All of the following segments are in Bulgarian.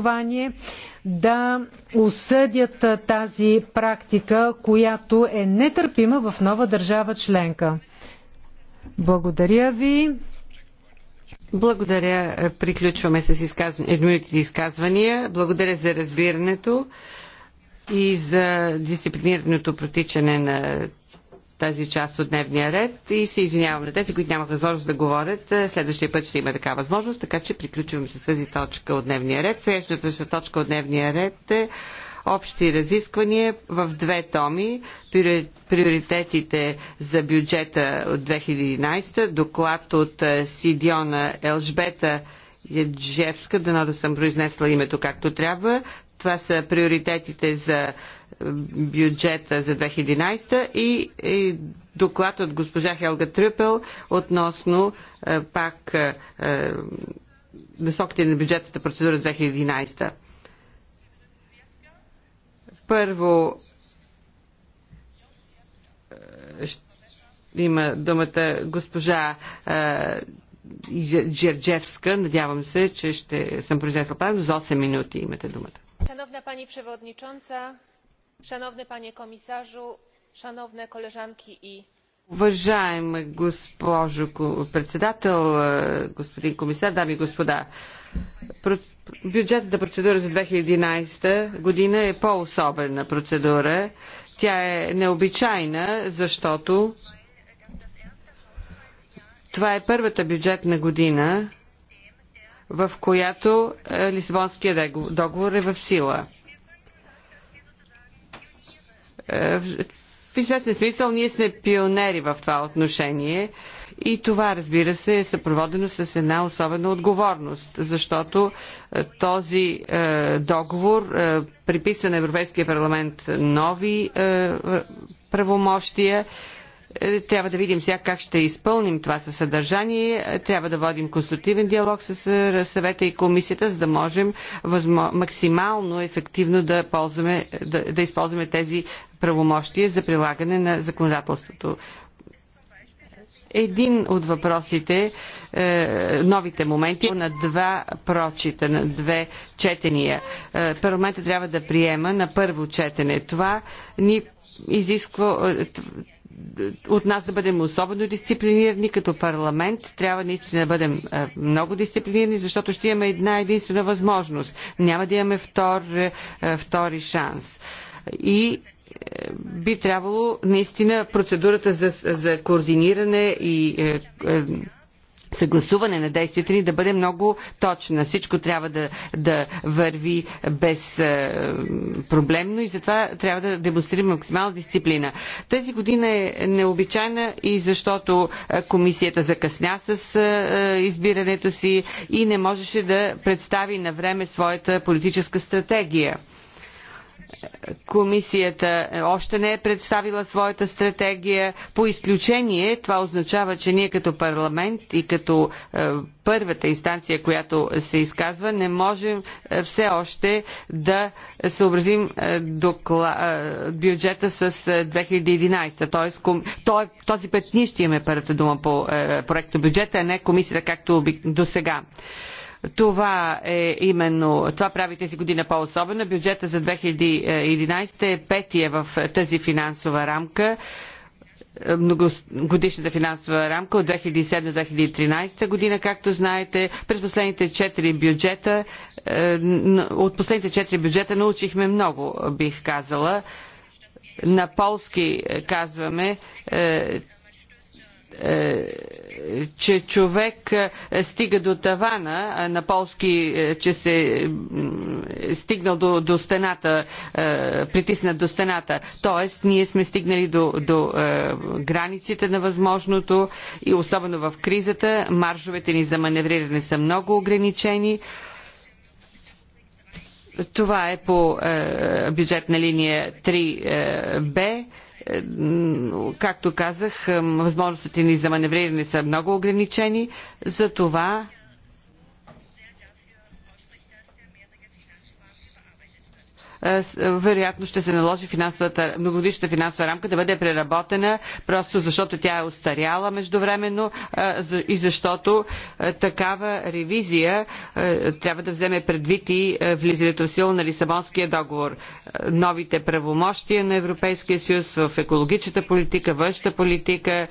основание да осъдят тази практика, която е нетърпима в нова държава членка. Благодаря ви. Благодаря. Приключваме с изказ... изказвания. Благодаря за разбирането и за дисциплинираното протичане на тази част от дневния ред и се извинявам на тези, които нямат възможност да говорят. Е, следващия път ще има така възможност, така че приключваме с тази точка от дневния ред. Следващата точка от дневния ред е общи разисквания в две томи. Приоритетите за бюджета от 2011, доклад от е, Сидиона Елжбета Яджевска, дано да съм произнесла името както трябва. Това са приоритетите за бюджета за 2011 и, и доклад от госпожа Хелга Трюпел относно е, пак е, високите е, на бюджетната процедура за 2011. Първо е, има думата госпожа е, Джерджевска. Надявам се, че ще съм произнесла правилно. За 8 минути имате думата. Шановна пани Przewodnicząca, Шановни пане комисажу, шановне колежанки и Уважаема госпожо председател, е, господин комисар, дами и господа, бюджетната процедура за 2011 година е по-особена процедура. Тя е необичайна, защото това е първата бюджетна година, в която е, Лисабонския договор е в сила. Е, в известен смисъл ние сме пионери в това отношение и това, разбира се, е съпроводено с една особена отговорност, защото е, този е, договор приписва на Европейския парламент нови правомощия е, трябва да видим сега как ще изпълним това със съдържание. Е, трябва да водим конструктивен диалог с е, съвета и комисията, за да можем възмо... максимално ефективно да, ползваме, да, да използваме тези правомощия за прилагане на законодателството. Един от въпросите, новите моменти на два прочита, на две четения. Парламентът трябва да приема на първо четене. Това ни изисква от нас да бъдем особено дисциплинирани като парламент. Трябва наистина да бъдем е, много дисциплинирани, защото ще имаме една единствена възможност. Няма да имаме втор, е, втори шанс. И е, би трябвало наистина процедурата за, за координиране и съгласуване на действията ни да бъде много точна. Всичко трябва да, да върви безпроблемно е, и затова трябва да демонстрираме максимална дисциплина. Тази година е необичайна и защото е, комисията закъсня с е, избирането си и не можеше да представи на време своята политическа стратегия Комисията още не е представила своята стратегия. По изключение това означава, че ние като парламент и като е, първата инстанция, която се изказва, не можем е, все още да съобразим е, докла... бюджета с 2011. Тоест, ком... Той, този път ние ще имаме първата дума по проекта бюджета, а не комисията, както до сега. Това е именно, това прави тези година по-особена. Бюджета за 2011 е петия в тази финансова рамка е, многогодишната финансова рамка от 2007-2013 година. Както знаете, през последните 4 бюджета, е, от последните 4 бюджета научихме много, бих казала. На полски казваме, е, е, че човек е, стига до тавана, на полски, е, че се стигнал до, до стената, притиснат до стената. Тоест, ние сме стигнали до, до границите на възможното и особено в кризата, маржовете ни за маневриране са много ограничени. Това е по бюджетна линия 3Б. Както казах, възможностите ни за маневриране са много ограничени, за това Е, е, вероятно ще се наложи финансовата, многодишната финансова рамка да бъде преработена, просто защото тя е устаряла междувременно е, и защото такава ревизия трябва да вземе предвид и влизането в сила на Лисабонския договор. Новите правомощия на Европейския съюз в екологичната политика, външната политика,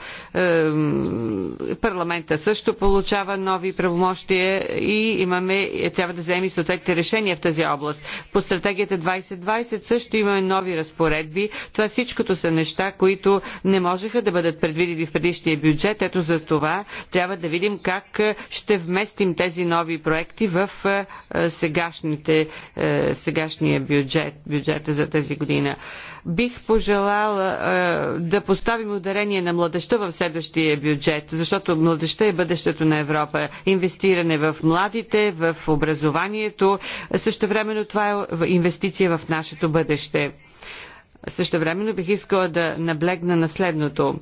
парламента също получава нови правомощия и имаме, трябва да вземе съответните решения в тази област. По стратегията 20 2020 също имаме нови разпоредби. Това всичкото са неща, които не можеха да бъдат предвидени в предишния бюджет. Ето за това трябва да видим как е, ще вместим тези нови проекти в е, е, сегашните, сегашния бюджет, бюджета за тази година. Бих пожелала да поставим ударение на младеща в следващия бюджет, защото младеща е бъдещето на Европа. Инвестиране в младите, в образованието. Също времено това е инвестиция в нашето бъдеще. Също времено бих искала да наблегна на следното.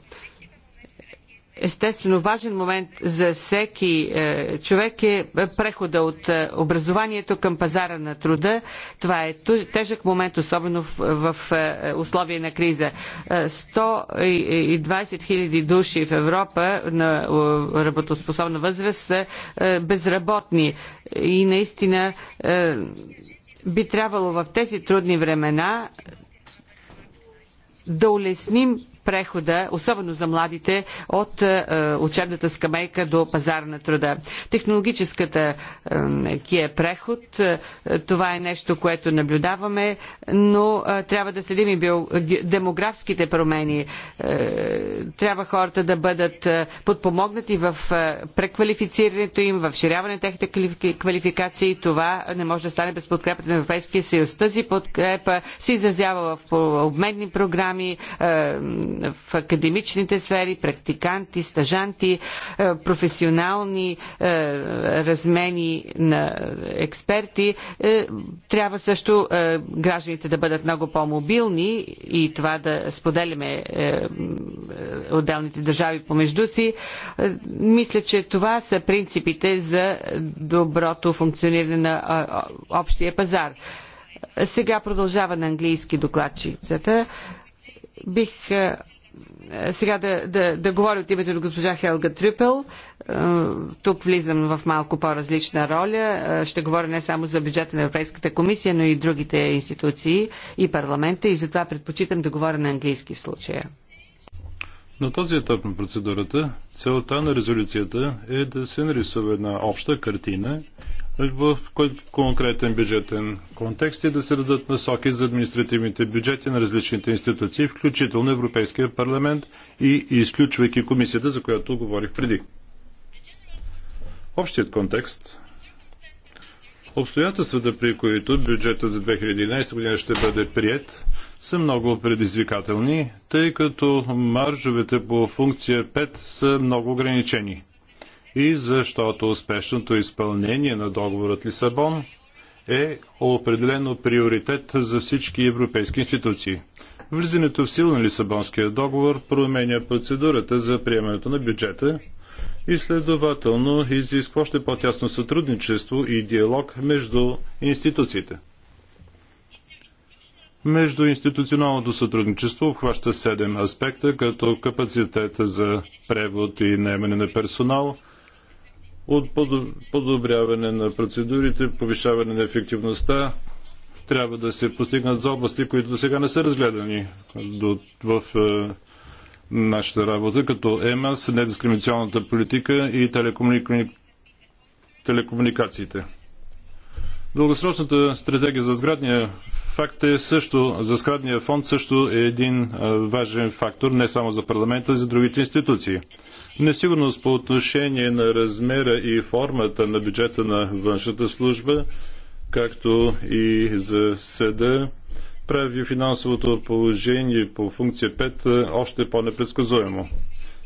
Естествено, важен момент за всеки е, човек е прехода от е, образованието към пазара на труда. Това е тежък момент, особено в, в е, условия на криза. 120 е, хиляди души в Европа на работоспособна възраст са е, безработни и наистина е, би трябвало в тези трудни времена да улесним прехода, особено за младите, от е, учебната скамейка до пазара на труда. Технологическата е, кия е преход, това е нещо, което наблюдаваме, но трябва да следим и демографските промени. Трябва хората да бъдат подпомогнати в преквалифицирането им, в ширяване на техните квалификации. Това не може да стане без подкрепата на Европейския съюз. Тази подкрепа се изразява в обменни програми, в академичните сфери, практиканти, стажанти, е, професионални е, размени на експерти. Е, трябва също гражданите да бъдат много по-мобилни и това да споделяме отделните държави помежду си. Мисля, че това са принципите за доброто функциониране на общия пазар. Сега продължава на английски докладчицата. Бих е, е, сега да, да, да говоря от името на госпожа Хелга Трюпел. Е, тук влизам в малко по-различна роля. Ще говоря не само за бюджета на Европейската комисия, но и другите институции и парламента и затова предпочитам да говоря на английски в случая. На този етап на процедурата целта на резолюцията е да се нарисува една обща картина в конкретен бюджетен контекст и да се дадат насоки за административните бюджети на различните институции, включително Европейския парламент и изключвайки комисията, за която говорих преди. Общият контекст Обстоятелствата, при които бюджета за 2011 година ще бъде прият, са много предизвикателни, тъй като маржовете по функция 5 са много ограничени и защото успешното изпълнение на договор от Лисабон е определено приоритет за всички европейски институции. Влизането в сила на Лисабонския договор променя процедурата за приемането на бюджета и следователно изисква още по-тясно сътрудничество и диалог между институциите. Между институционалното сътрудничество обхваща 7 аспекта, като капацитета за превод и наемане на персонал, от подобряване на процедурите, повишаване на ефективността, трябва да се постигнат за области, които до сега не са разгледани в е, нашата работа, като ЕМАС, недискриминационната политика и телекомуникациите. Дългосрочната стратегия за сградния факт е също, за сградния фонд също е един важен фактор, не само за парламента, а и за другите институции. Несигурност по отношение на размера и формата на бюджета на външната служба, както и за съда, прави финансовото положение по функция 5 още по-непредсказуемо.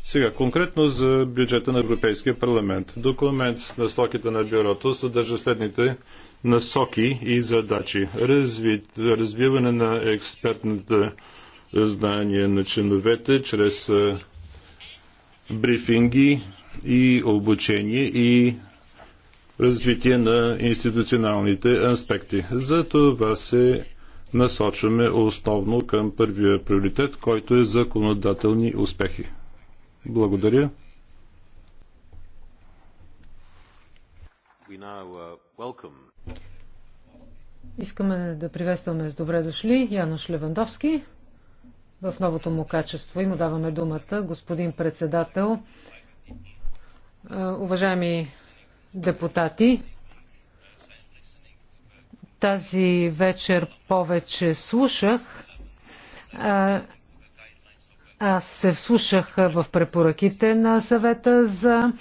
Сега, конкретно за бюджета на Европейския парламент. Документ с насоките на бюрото съдържа следните насоки и задачи. Разви, развиване на експертната знание на членовете чрез брифинги и обучение и развитие на институционалните аспекти. За това се насочваме основно към първия приоритет, който е законодателни успехи. Благодаря. We now, uh, welcome Искаме да приветстваме с добре дошли Януш Левандовски в новото му качество и му даваме думата. Господин председател, уважаеми депутати, тази вечер повече слушах. Аз се вслушах в препоръките на съвета за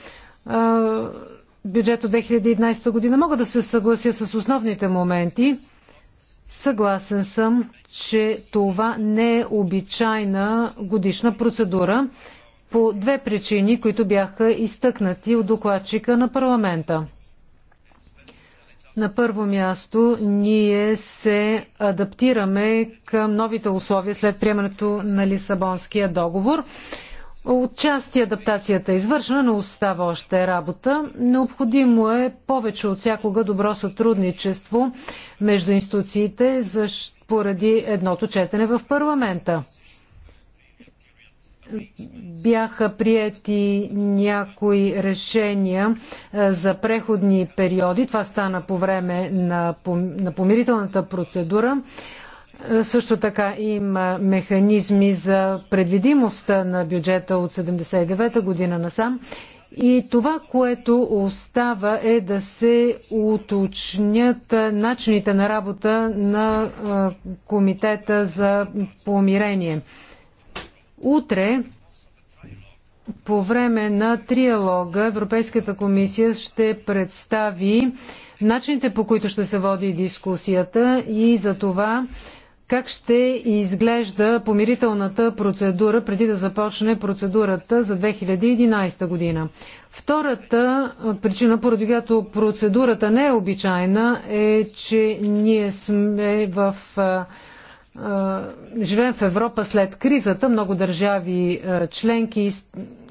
бюджет от 2011 година. Мога да се съглася с основните моменти. Съгласен съм, че това не е обичайна годишна процедура по две причини, които бяха изтъкнати от докладчика на парламента. На първо място, ние се адаптираме към новите условия след приемането на Лисабонския договор Отчасти адаптацията е извършена, но остава още работа. Необходимо е повече от всякога добро сътрудничество между институциите поради едното четене в парламента. Бяха приети някои решения за преходни периоди. Това стана по време на помирителната процедура. Също така има механизми за предвидимостта на бюджета от 79-та година насам. И това, което остава е да се уточнят начините на работа на Комитета за помирение. Утре по време на триалога Европейската комисия ще представи начините по които ще се води дискусията и за това как ще изглежда помирителната процедура преди да започне процедурата за 2011 година. Втората причина, поради която процедурата не е обичайна, е, че ние сме в. Живеем в Европа след кризата. Много държави членки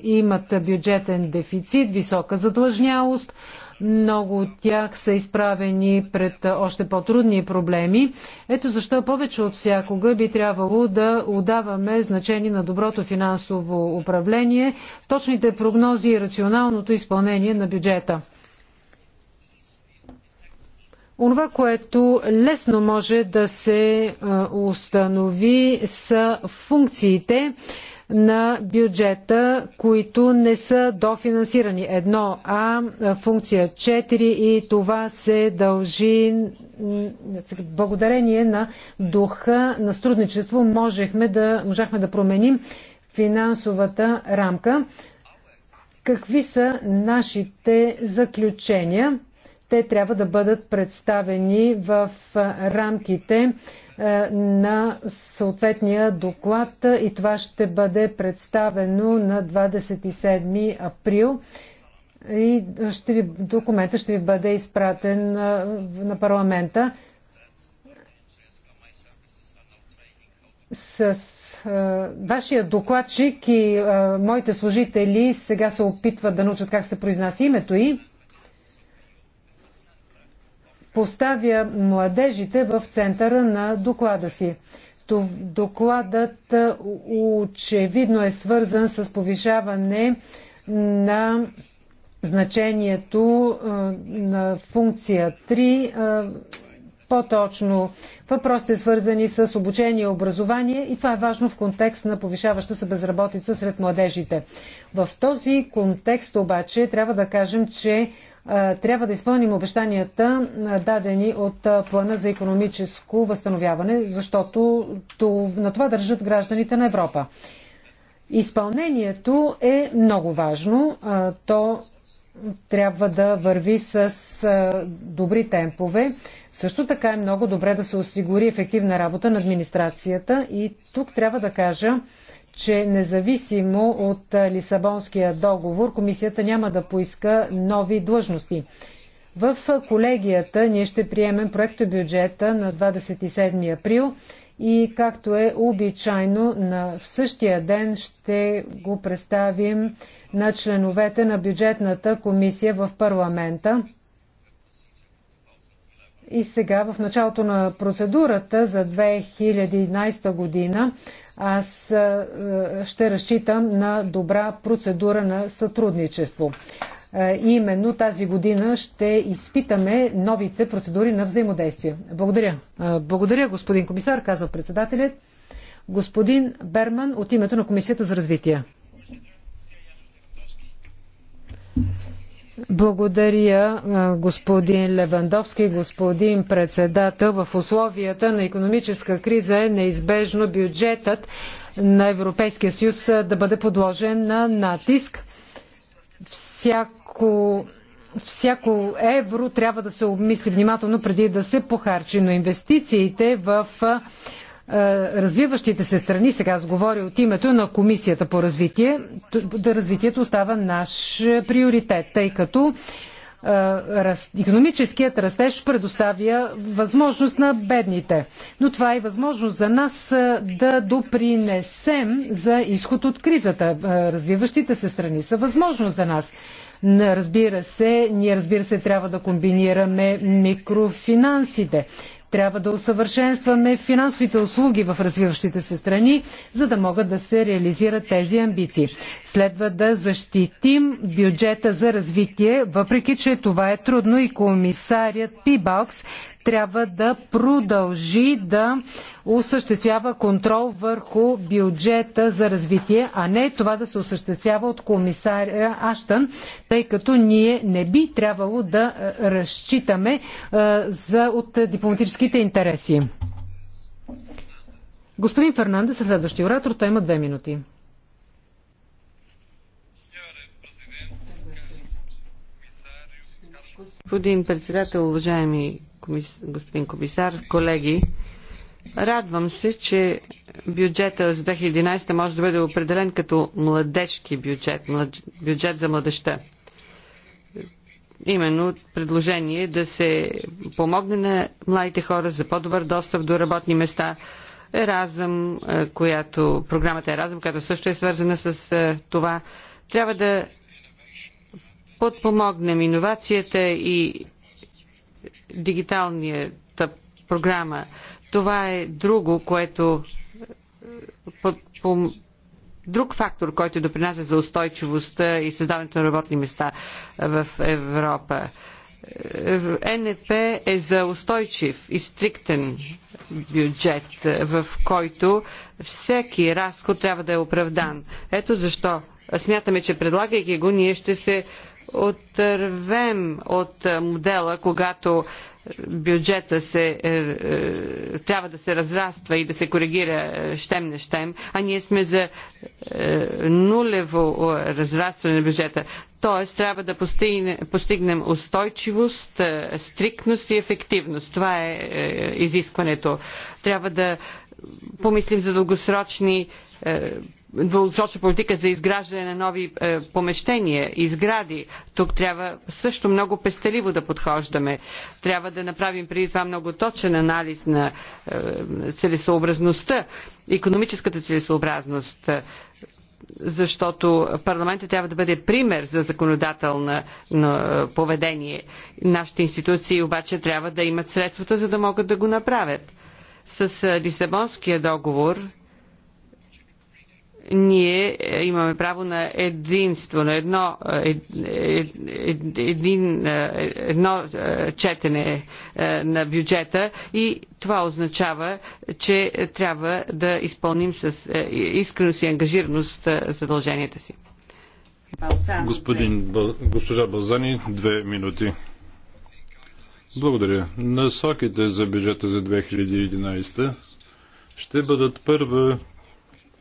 имат бюджетен дефицит, висока задлъжнялост. Много от тях са изправени пред още по-трудни проблеми. Ето защо повече от всякога би трябвало да отдаваме значение на доброто финансово управление, точните прогнози и рационалното изпълнение на бюджета. Онова, което лесно може да се установи са функциите, на бюджета, които не са дофинансирани. Едно А, функция 4 и това се дължи благодарение на духа на струдничество можехме да, можахме да променим финансовата рамка. Какви са нашите заключения? Те трябва да бъдат представени в рамките е, на съответния доклад и това ще бъде представено на 27 април и ще ви, документа ще ви бъде изпратен е, на парламента с е, вашия докладчик и а, моите служители сега се опитват да научат как се произнася името й поставя младежите в центъра на доклада си. Докладът очевидно е свързан с повишаване на значението на функция 3 по-точно въпросите свързани с обучение и образование и това е важно в контекст на повишаваща се безработица сред младежите. В този контекст обаче трябва да кажем, че трябва да изпълним обещанията, дадени от плана за економическо възстановяване, защото на това държат гражданите на Европа. Изпълнението е много важно. То трябва да върви с добри темпове. Също така е много добре да се осигури ефективна работа на администрацията и тук трябва да кажа, че независимо от Лисабонския договор, комисията няма да поиска нови длъжности. В колегията ние ще приемем бюджета на 27 април и както е обичайно на в същия ден ще го представим на членовете на бюджетната комисия в парламента. И сега в началото на процедурата за 2011 година аз е, е, ще разчитам на добра процедура на сътрудничество. Е, именно тази година ще изпитаме новите процедури на взаимодействие. Благодаря. Благодаря, господин комисар, казва председателят. Господин Берман от името на Комисията за развитие. Благодаря, господин Левандовски, господин председател. В условията на економическа криза е неизбежно бюджетът на Европейския съюз да бъде подложен на натиск. Всяко, всяко евро трябва да се обмисли внимателно преди да се похарчи, но инвестициите в е, развиващите се страни, сега сговоря от името на Комисията по развитие, да развитието остава наш приоритет, тъй като економическият растеж предоставя възможност на бедните. Но това е възможност за нас е, да допринесем за изход от кризата. Е, развиващите се страни са възможност за нас. Разбира се, ние разбира се трябва да комбинираме микрофинансите. Трябва да усъвършенстваме финансовите услуги в развиващите се страни, за да могат да се реализират тези амбиции. Следва да защитим бюджета за развитие, въпреки че това е трудно и комисарият Пибалкс трябва да продължи да осъществява контрол върху бюджета за развитие, а не това да се осъществява от комисаря Аштън, тъй като ние не би трябвало да е, разчитаме е, за, от дипломатическите интереси. Господин Фернандес е следващия оратор. Той има две минути. Господин председател, уважаеми господин комисар, колеги. Радвам се, че бюджета за 2011 може да бъде определен като младежки бюджет, млад... бюджет за младеща. Именно предложение да се помогне на младите хора за по-добър достъп до работни места, Еразъм, е, която, програмата Еразъм, която също е свързана с е, това, трябва да подпомогнем иновацията и дигиталната програма. Това е друго, което е, по, по, друг фактор, който допринася за устойчивостта и създаването на работни места в Европа. Е, НП е за устойчив и стриктен бюджет, в който всеки разход трябва да е оправдан. Ето защо смятаме, че предлагайки го, ние ще се отървем от модела, когато бюджета се, е, е, трябва да се разраства и да се коригира е, щем не щем, а ние сме за е, нулево е, разрастване на бюджета. Тоест, трябва да постигне, постигнем устойчивост, е, стриктност и ефективност. Това е, е изискването. Трябва да помислим за дългосрочни е, дългосрочна политика за изграждане на нови е, помещения и сгради. Тук трябва също много пестеливо да подхождаме. Трябва да направим преди това много точен анализ на е, целесообразността, економическата целесообразност защото парламентът трябва да бъде пример за законодателно е, поведение. Нашите институции обаче трябва да имат средствата, за да могат да го направят. С е, Лисабонския договор ние е, имаме право на единство, на едно, ед, ед, ед, един, е, едно е, четене на бюджета и това означава, че трябва да изпълним с искреност и ангажираност задълженията си. Господин, госпожа Балзани, две минути. Благодаря. Насоките за бюджета за 2011 ще бъдат първа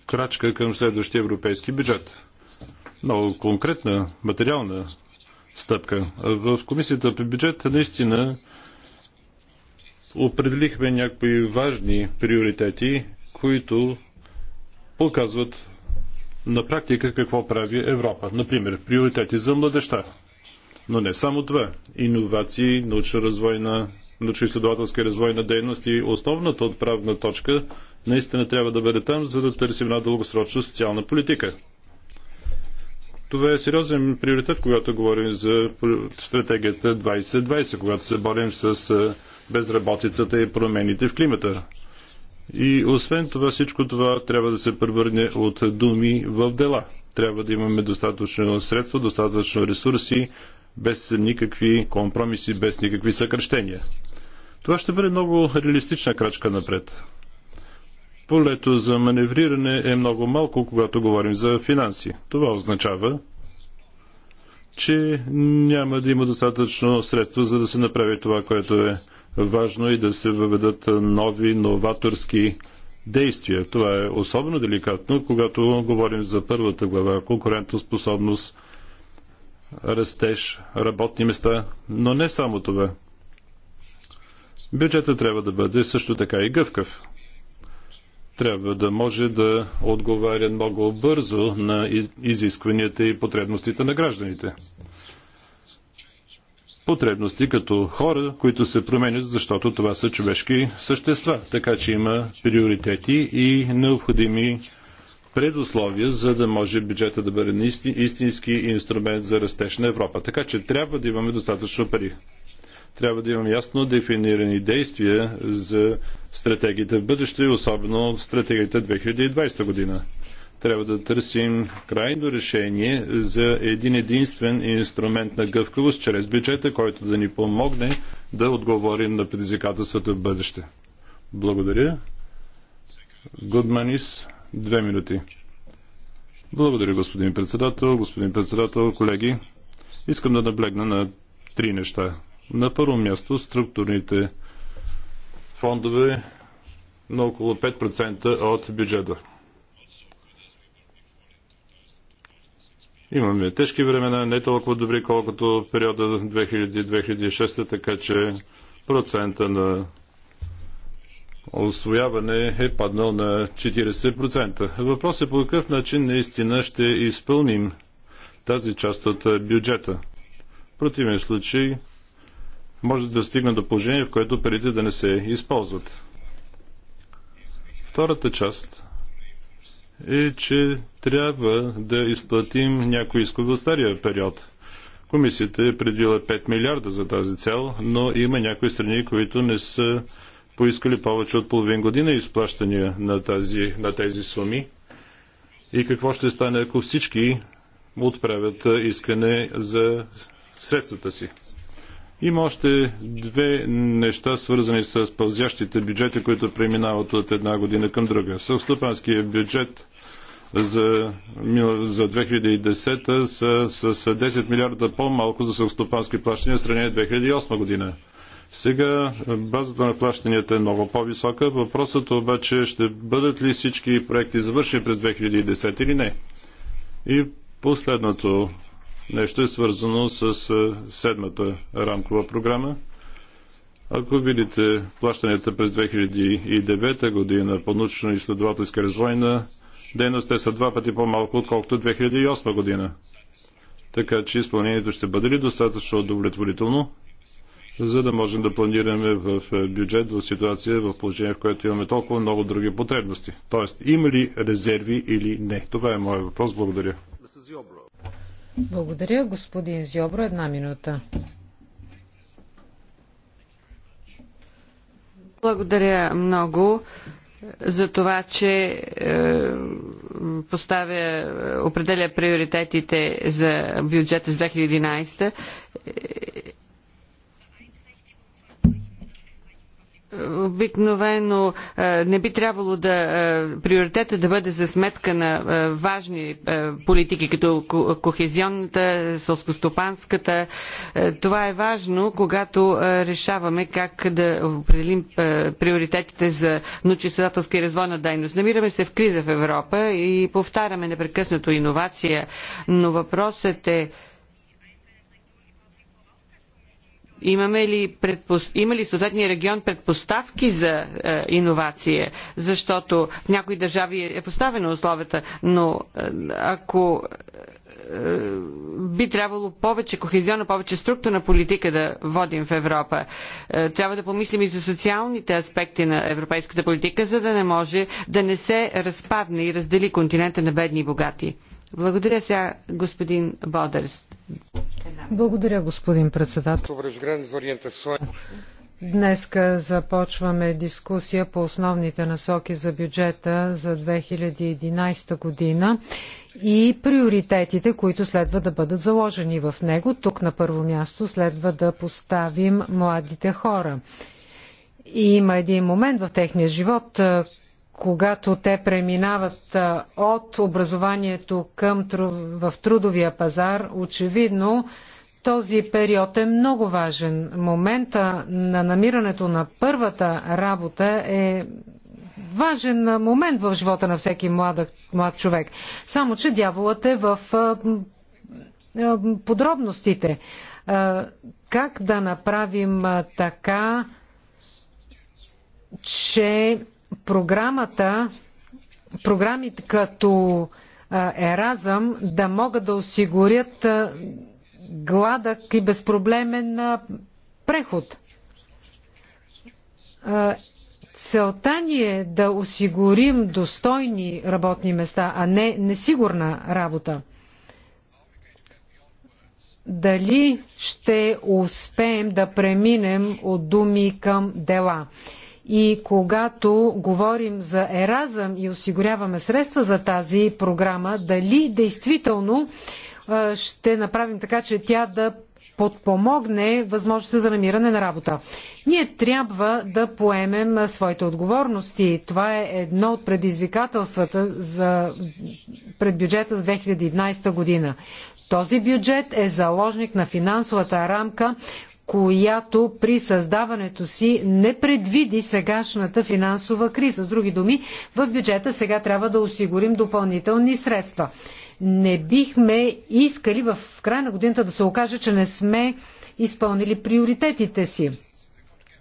крачка към следващия европейски бюджет. Много конкретна, материална стъпка. В комисията по бюджет наистина определихме някои важни приоритети, които показват на практика какво прави Европа. Например, приоритети за младеща. Но не само това. Иновации, научно изследователски развой на развойна дейност и основната отправна точка – наистина трябва да бъде там, за да търсим една дългосрочна социална политика. Това е сериозен приоритет, когато говорим за стратегията 2020, когато се борим с безработицата и промените в климата. И освен това, всичко това трябва да се превърне от думи в дела. Трябва да имаме достатъчно средства, достатъчно ресурси, без никакви компромиси, без никакви съкръщения. Това ще бъде много реалистична крачка напред полето за маневриране е много малко, когато говорим за финанси. Това означава, че няма да има достатъчно средства, за да се направи това, което е важно и да се въведат нови, новаторски действия. Това е особено деликатно, когато говорим за първата глава конкурентоспособност, растеж, работни места, но не само това. Бюджетът трябва да бъде също така и гъвкав трябва да може да отговаря много бързо на изискванията и потребностите на гражданите. Потребности като хора, които се променят, защото това са човешки същества. Така че има приоритети и необходими предусловия, за да може бюджета да бъде истински инструмент за растеж на Европа. Така че трябва да имаме достатъчно пари. Трябва да имаме ясно дефинирани действия за стратегията в бъдеще, особено стратегията 2020 година. Трябва да търсим крайно решение за един единствен инструмент на гъвкавост чрез бюджета, който да ни помогне да отговорим на предизвикателствата в бъдеще. Благодаря. Гудманис, две минути. Благодаря, господин председател. Господин председател, колеги, искам да наблегна на три неща. На първо място структурните фондове на около 5% от бюджета. Имаме тежки времена, не толкова добри, колкото периода 2000-2006, така че процента на освояване е паднал на 40%. Въпрос е по какъв начин наистина ще изпълним тази част от бюджета. В противен случай може да стигне до положение, в което парите да не се използват. Втората част е, че трябва да изплатим някои искове от стария период. Комисията е предвила 5 милиарда за тази цел, но има някои страни, които не са поискали повече от половин година изплащания на, тази, на тези суми. И какво ще стане, ако всички отправят искане за средствата си? Има още две неща, свързани с пълзящите бюджети, които преминават от една година към друга. Съвступанският бюджет за, за 2010 са с, 10 милиарда по-малко за съвступански плащания в сравнение 2008 година. Сега базата на плащанията е много по-висока. Въпросът обаче е, ще бъдат ли всички проекти завършени през 2010 или не. И последното нещо е свързано с седмата рамкова програма. Ако видите плащанията през 2009 година по научно-изследователска развойна дейност, те са два пъти по-малко, отколкото 2008 година. Така че изпълнението ще бъде ли достатъчно удовлетворително, за да можем да планираме в бюджет в ситуация, в положение, в което имаме толкова много други потребности. Тоест, има ли резерви или не? Това е моят въпрос. Благодаря. Благодаря, господин Зьобро. Една минута. Благодаря много за това, че е, поставя, определя приоритетите за бюджета с 2011 обикновено е, не би трябвало да е, приоритета да бъде за сметка на е, важни политики, като кохезионната, сълскостопанската. Това е важно, когато решаваме как да определим приоритетите за научно-изследователска и развойна дейност. Намираме се в криза в Европа и повтаряме непрекъснато иновация, но въпросът е Имаме ли предпос... Има ли съответния регион предпоставки за е, иновация? Защото в някои държави е поставено условията, но е, ако е, би трябвало повече кохезионна, повече структурна политика да водим в Европа. Е, трябва да помислим и за социалните аспекти на европейската политика, за да не може да не се разпадне и раздели континента на бедни и богати. Благодаря сега господин Бодърст. Благодаря, господин председател. Днес започваме дискусия по основните насоки за бюджета за 2011 година и приоритетите, които следва да бъдат заложени в него. Тук на първо място следва да поставим младите хора. И има един момент в техния живот, когато те преминават от образованието към, в трудовия пазар, очевидно този период е много важен. Момента на намирането на първата работа е важен момент в живота на всеки млад, млад човек. Само, че дяволът е в подробностите. Как да направим така, че програмата, програмите като Еразъм да могат да осигурят гладък и безпроблемен преход. Целта ни е да осигурим достойни работни места, а не несигурна работа. Дали ще успеем да преминем от думи към дела? И когато говорим за Еразъм и осигуряваме средства за тази програма, дали действително ще направим така, че тя да подпомогне възможността за намиране на работа. Ние трябва да поемем своите отговорности. Това е едно от предизвикателствата за, пред бюджета за 2011 година. Този бюджет е заложник на финансовата рамка, която при създаването си не предвиди сегашната финансова криза. С други думи, в бюджета сега трябва да осигурим допълнителни средства не бихме искали в края на годината да се окаже, че не сме изпълнили приоритетите си.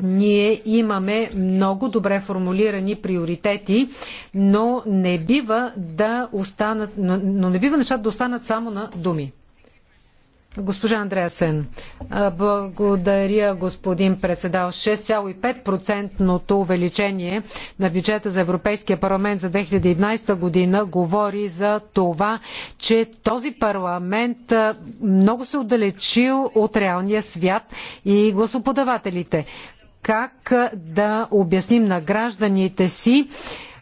Ние имаме много добре формулирани приоритети, но не бива да останат, но не бива нещата да останат само на думи. Госпожа Андреасен, благодаря господин председател. 6,5% увеличение на бюджета за Европейския парламент за 2011 година говори за това, че този парламент много се отдалечил от реалния свят и гласоподавателите. Как да обясним на гражданите си,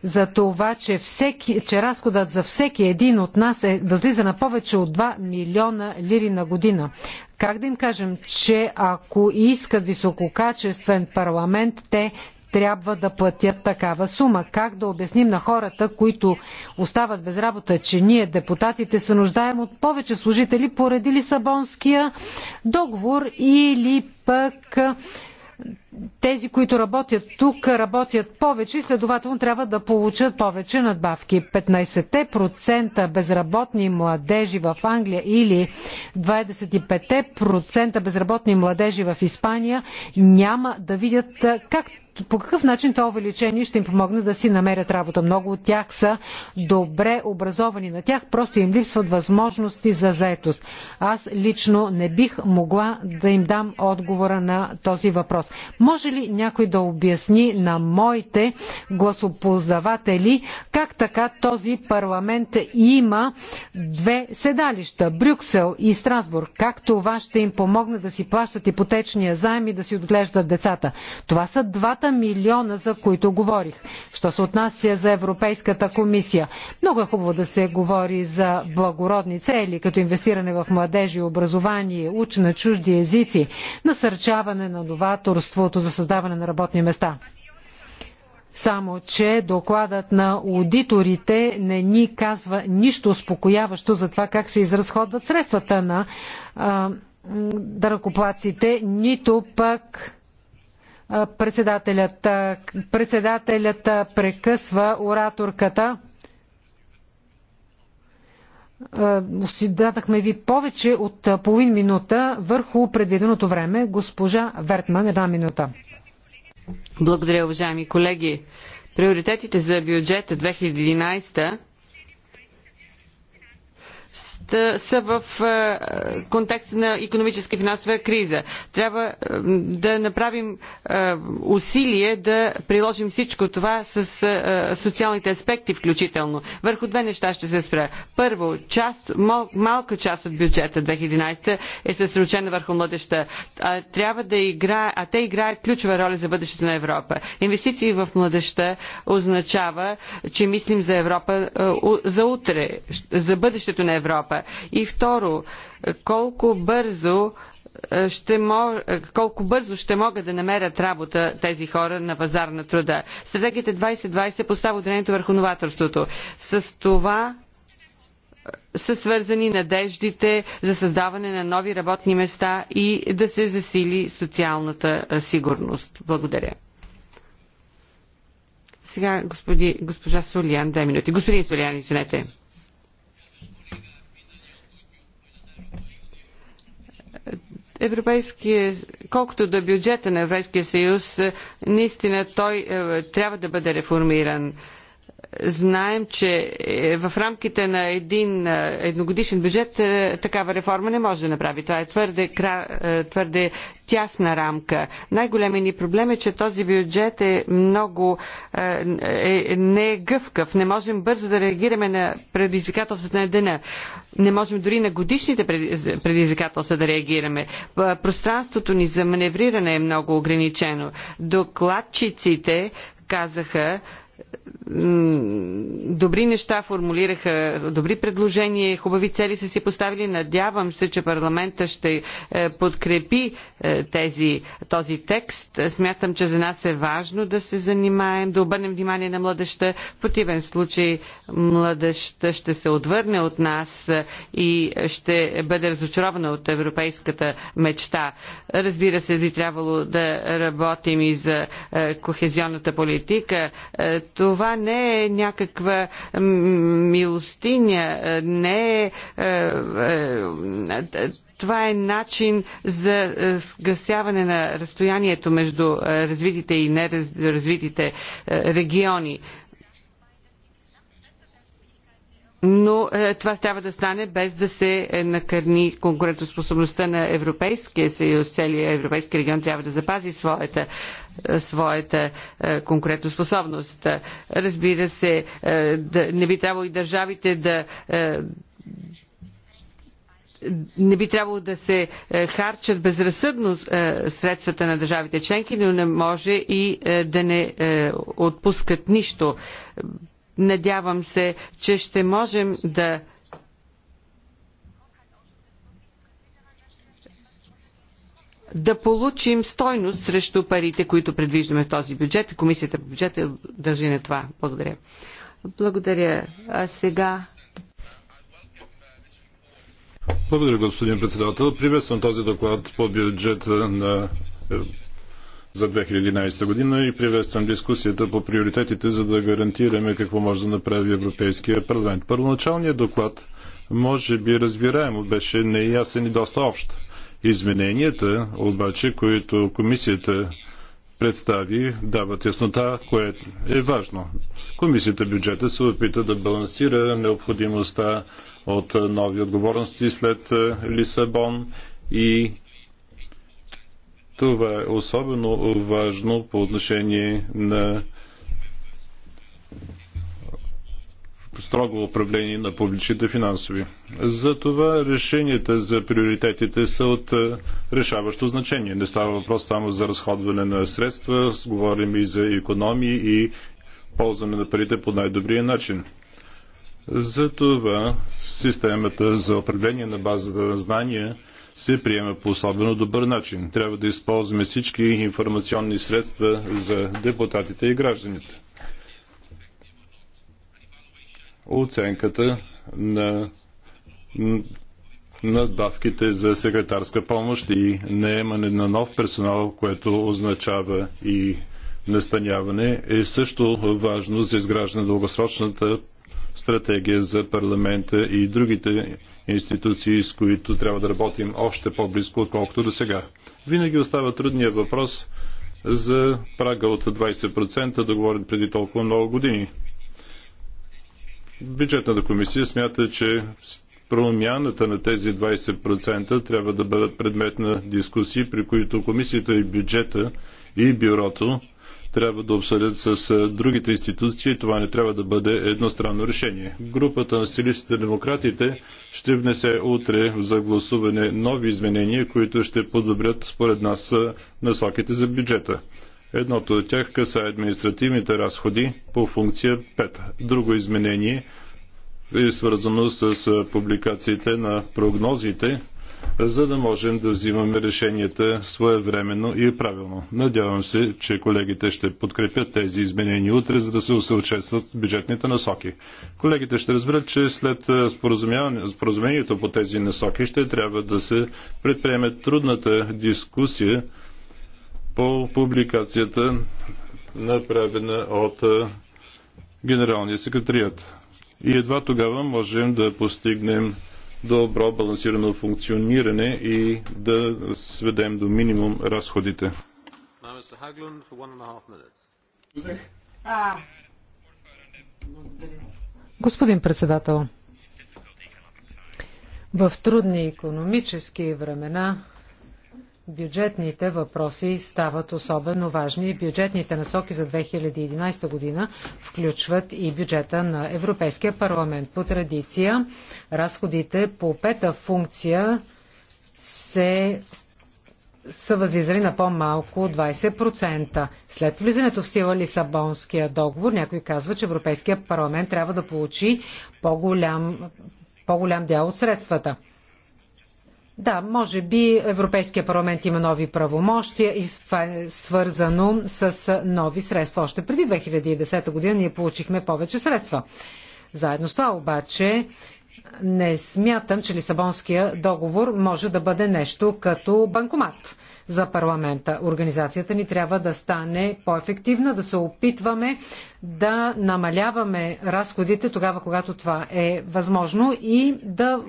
за това, че, всеки, че разходът за всеки един от нас е възлиза на повече от 2 милиона лири на година. Как да им кажем, че ако искат висококачествен парламент, те трябва да платят такава сума? Как да обясним на хората, които остават без работа, че ние, депутатите, се нуждаем от повече служители поради Лисабонския договор или пък тези, които работят тук, работят повече и следователно трябва да получат повече надбавки. 15% безработни младежи в Англия или 25% безработни младежи в Испания няма да видят как по какъв начин това увеличение ще им помогне да си намерят работа. Много от тях са добре образовани. На тях просто им липсват възможности за заетост. Аз лично не бих могла да им дам отговора на този въпрос. Може ли някой да обясни на моите гласопознаватели как така този парламент има две седалища Брюксел и Страсбург? Как това ще им помогне да си плащат ипотечния заем и да си отглеждат децата? Това са двата 200 милиона, за които говорих. Що се отнася за Европейската комисия, много е хубаво да се говори за благородни цели, като инвестиране в младежи, образование, уч на чужди езици, насърчаване на новаторството за създаване на работни места. Само, че докладът на аудиторите не ни казва нищо успокояващо за това как се изразходват средствата на а, дъркоплаците, нито пък Председателят, председателят прекъсва ораторката. Дадахме ви повече от половин минута върху предвиденото време. Госпожа Вертман, една минута. Благодаря, уважаеми колеги. Приоритетите за бюджета 2011 са в е, контекста на економическа и финансова криза. Трябва е, да направим е, усилие да приложим всичко това с социалните аспекти включително. Върху две неща ще се спра. Първо, част, мал, малка част от бюджета 2011 е съсредоточена върху младеща. А, трябва да игра, а те играят ключова роля за бъдещето на Европа. Инвестиции в младеща означава, че мислим за Европа за утре, за бъдещето на Европа. Европа? И второ, колко бързо е, ще мож... колко бързо ще могат да намерят работа тези хора на пазар на труда. Стратегията 2020 поставя ударението върху новаторството. С това е, са свързани надеждите за създаване на нови работни места и да се засили социалната е, сигурност. Благодаря. Сега господи, госпожа Солиян, две минути. Господин Солиян, извинете. Европейския, колкото до бюджета на Европейския съюз, наистина той е, трябва да бъде реформиран знаем, че е, в рамките на един е, едногодишен бюджет е, такава реформа не може да направи. Това е твърде, твърде тясна рамка. Най-големият ни проблем е, че този бюджет е много е, не е гъвкав. Не можем бързо да реагираме на предизвикателствата на деня. Не можем дори на годишните предизвикателства да реагираме. Пространството ни за маневриране е много ограничено. Докладчиците казаха, добри неща, формулираха добри предложения, хубави цели са си поставили. Надявам се, че парламента ще е, подкрепи е, тези, този текст. Смятам, че за нас е важно да се занимаем, да обърнем внимание на младеща. В противен случай младеща ще се отвърне от нас е, и ще бъде разочарована от европейската мечта. Разбира се, би трябвало да работим и за кохезионната политика. Това не е някаква милостиня, не е, е, това е начин за е, сгъсяване на разстоянието между е, развитите и неразвитите региони но е, това трябва да стане без да се е, накърни конкурентоспособността на Европейския съюз. Целият Европейски регион трябва да запази своята, е, своята е, конкурентоспособност. Разбира се, е, да, не би трябвало и държавите да. Е, не би трябвало да се е, харчат безразсъдно средствата на държавите членки, но не може и да не отпускат нищо Надявам се, че ще можем да да получим стойност срещу парите, които предвиждаме в този бюджет. Комисията по бюджета държи на това. Благодаря. Благодаря. А сега. Благодаря, господин председател. Приветствам този доклад по бюджета на за 2011 година и приветствам дискусията по приоритетите, за да гарантираме какво може да направи Европейския парламент. Първоначалният доклад може би разбираемо беше неясен и доста общ. Измененията, обаче, които комисията представи, дават яснота, което е важно. Комисията бюджета се опита да балансира необходимостта от нови отговорности след е, Лисабон и това е особено важно по отношение на строго управление на публичните финансови. Затова решенията за приоритетите са от е, решаващо значение. Не става въпрос само за разходване на средства, говорим и за економии и ползване на парите по най-добрия начин. Затова системата за определение на базата на знания се приема по особено добър начин. Трябва да използваме всички информационни средства за депутатите и гражданите. Оценката на надбавките за секретарска помощ и наемане на нов персонал, което означава и настаняване, е също важно за изграждане на дългосрочната стратегия за парламента и другите институции, с които трябва да работим още по-близко, отколкото до сега. Винаги остава трудният въпрос за прага от 20%, договорен преди толкова много години. Бюджетната комисия смята, че промяната на тези 20% трябва да бъдат предмет на дискусии, при които комисията и бюджета и бюрото трябва да обсъдят с е, другите институции. Това не трябва да бъде едностранно решение. Групата на стилистите демократите ще внесе утре за гласуване нови изменения, които ще подобрят според нас е, насоките за бюджета. Едното от тях каса административните разходи по функция 5. Друго изменение е свързано с е, публикациите на прогнозите за да можем да взимаме решенията своевременно и правилно. Надявам се, че колегите ще подкрепят тези изменения утре, за да се усъвършенстват бюджетните насоки. Колегите ще разберат, че след споразумението по тези насоки ще трябва да се предприеме трудната дискусия по публикацията, направена от Генералния секретарият. И едва тогава можем да постигнем добро балансирано функциониране и да сведем до минимум разходите. Господин председател, в трудни економически времена бюджетните въпроси стават особено важни. Бюджетните насоки за 2011 година включват и бюджета на Европейския парламент. По традиция, разходите по пета функция се са възлизали на по-малко 20%. След влизането в сила Лисабонския договор, някой казва, че Европейския парламент трябва да получи по-голям, по-голям дял от средствата. Да, може би Европейския парламент има нови правомощия и това е свързано с нови средства. Още преди 2010 година ние получихме повече средства. Заедно с това обаче не смятам, че Лисабонския договор може да бъде нещо като банкомат за парламента. Организацията ни трябва да стане по-ефективна, да се опитваме да намаляваме разходите тогава, когато това е възможно и да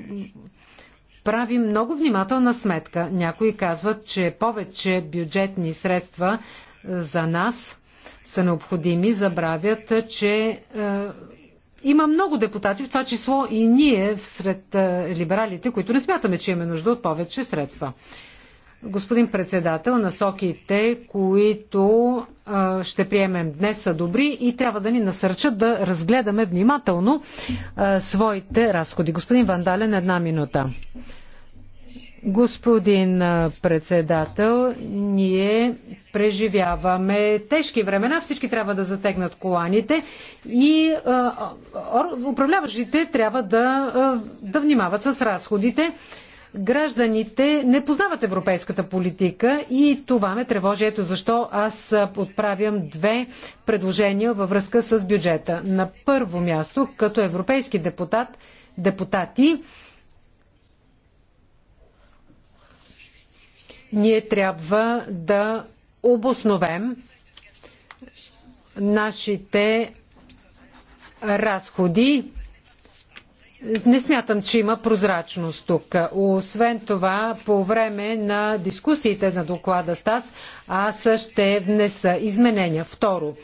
прави много внимателна сметка. Някои казват, че повече бюджетни средства е, за нас са необходими, забравят, че е, има много депутати, в това число и ние сред е, либералите, които не смятаме, че имаме нужда от повече средства. Господин председател, насоките, които а, ще приемем днес са добри и трябва да ни насърчат да разгледаме внимателно а, своите разходи. Господин Вандален, една минута. Господин председател, ние преживяваме тежки времена, всички трябва да затегнат коланите и а, управляващите трябва да, да внимават с разходите гражданите не познават европейската политика и това ме тревожи. Ето защо аз отправям две предложения във връзка с бюджета. На първо място, като европейски депутат, депутати, ние трябва да обосновем нашите разходи не смятам, че има прозрачност тук. Освен това, по време на дискусиите на доклада Стас, аз ще внеса изменения. Второ,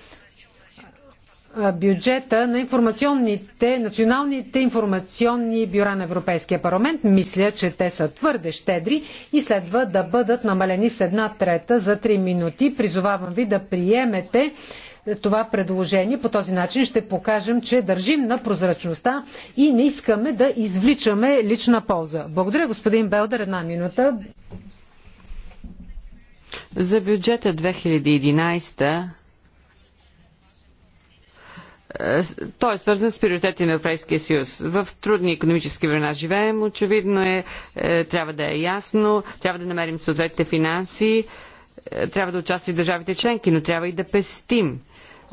бюджета на информационните, националните информационни бюра на Европейския парламент. Мисля, че те са твърде щедри и следва да бъдат намалени с една трета за три минути. Призовавам ви да приемете това предложение. По този начин ще покажем, че държим на прозрачността и не искаме да извличаме лична полза. Благодаря, господин Белдер. Една минута. За бюджета 2011 е, той е свързан с приоритети на Европейския съюз. В трудни економически времена живеем, очевидно е, е трябва да е ясно, трябва да намерим съответните финанси, е, трябва да участват и държавите членки, но трябва и да пестим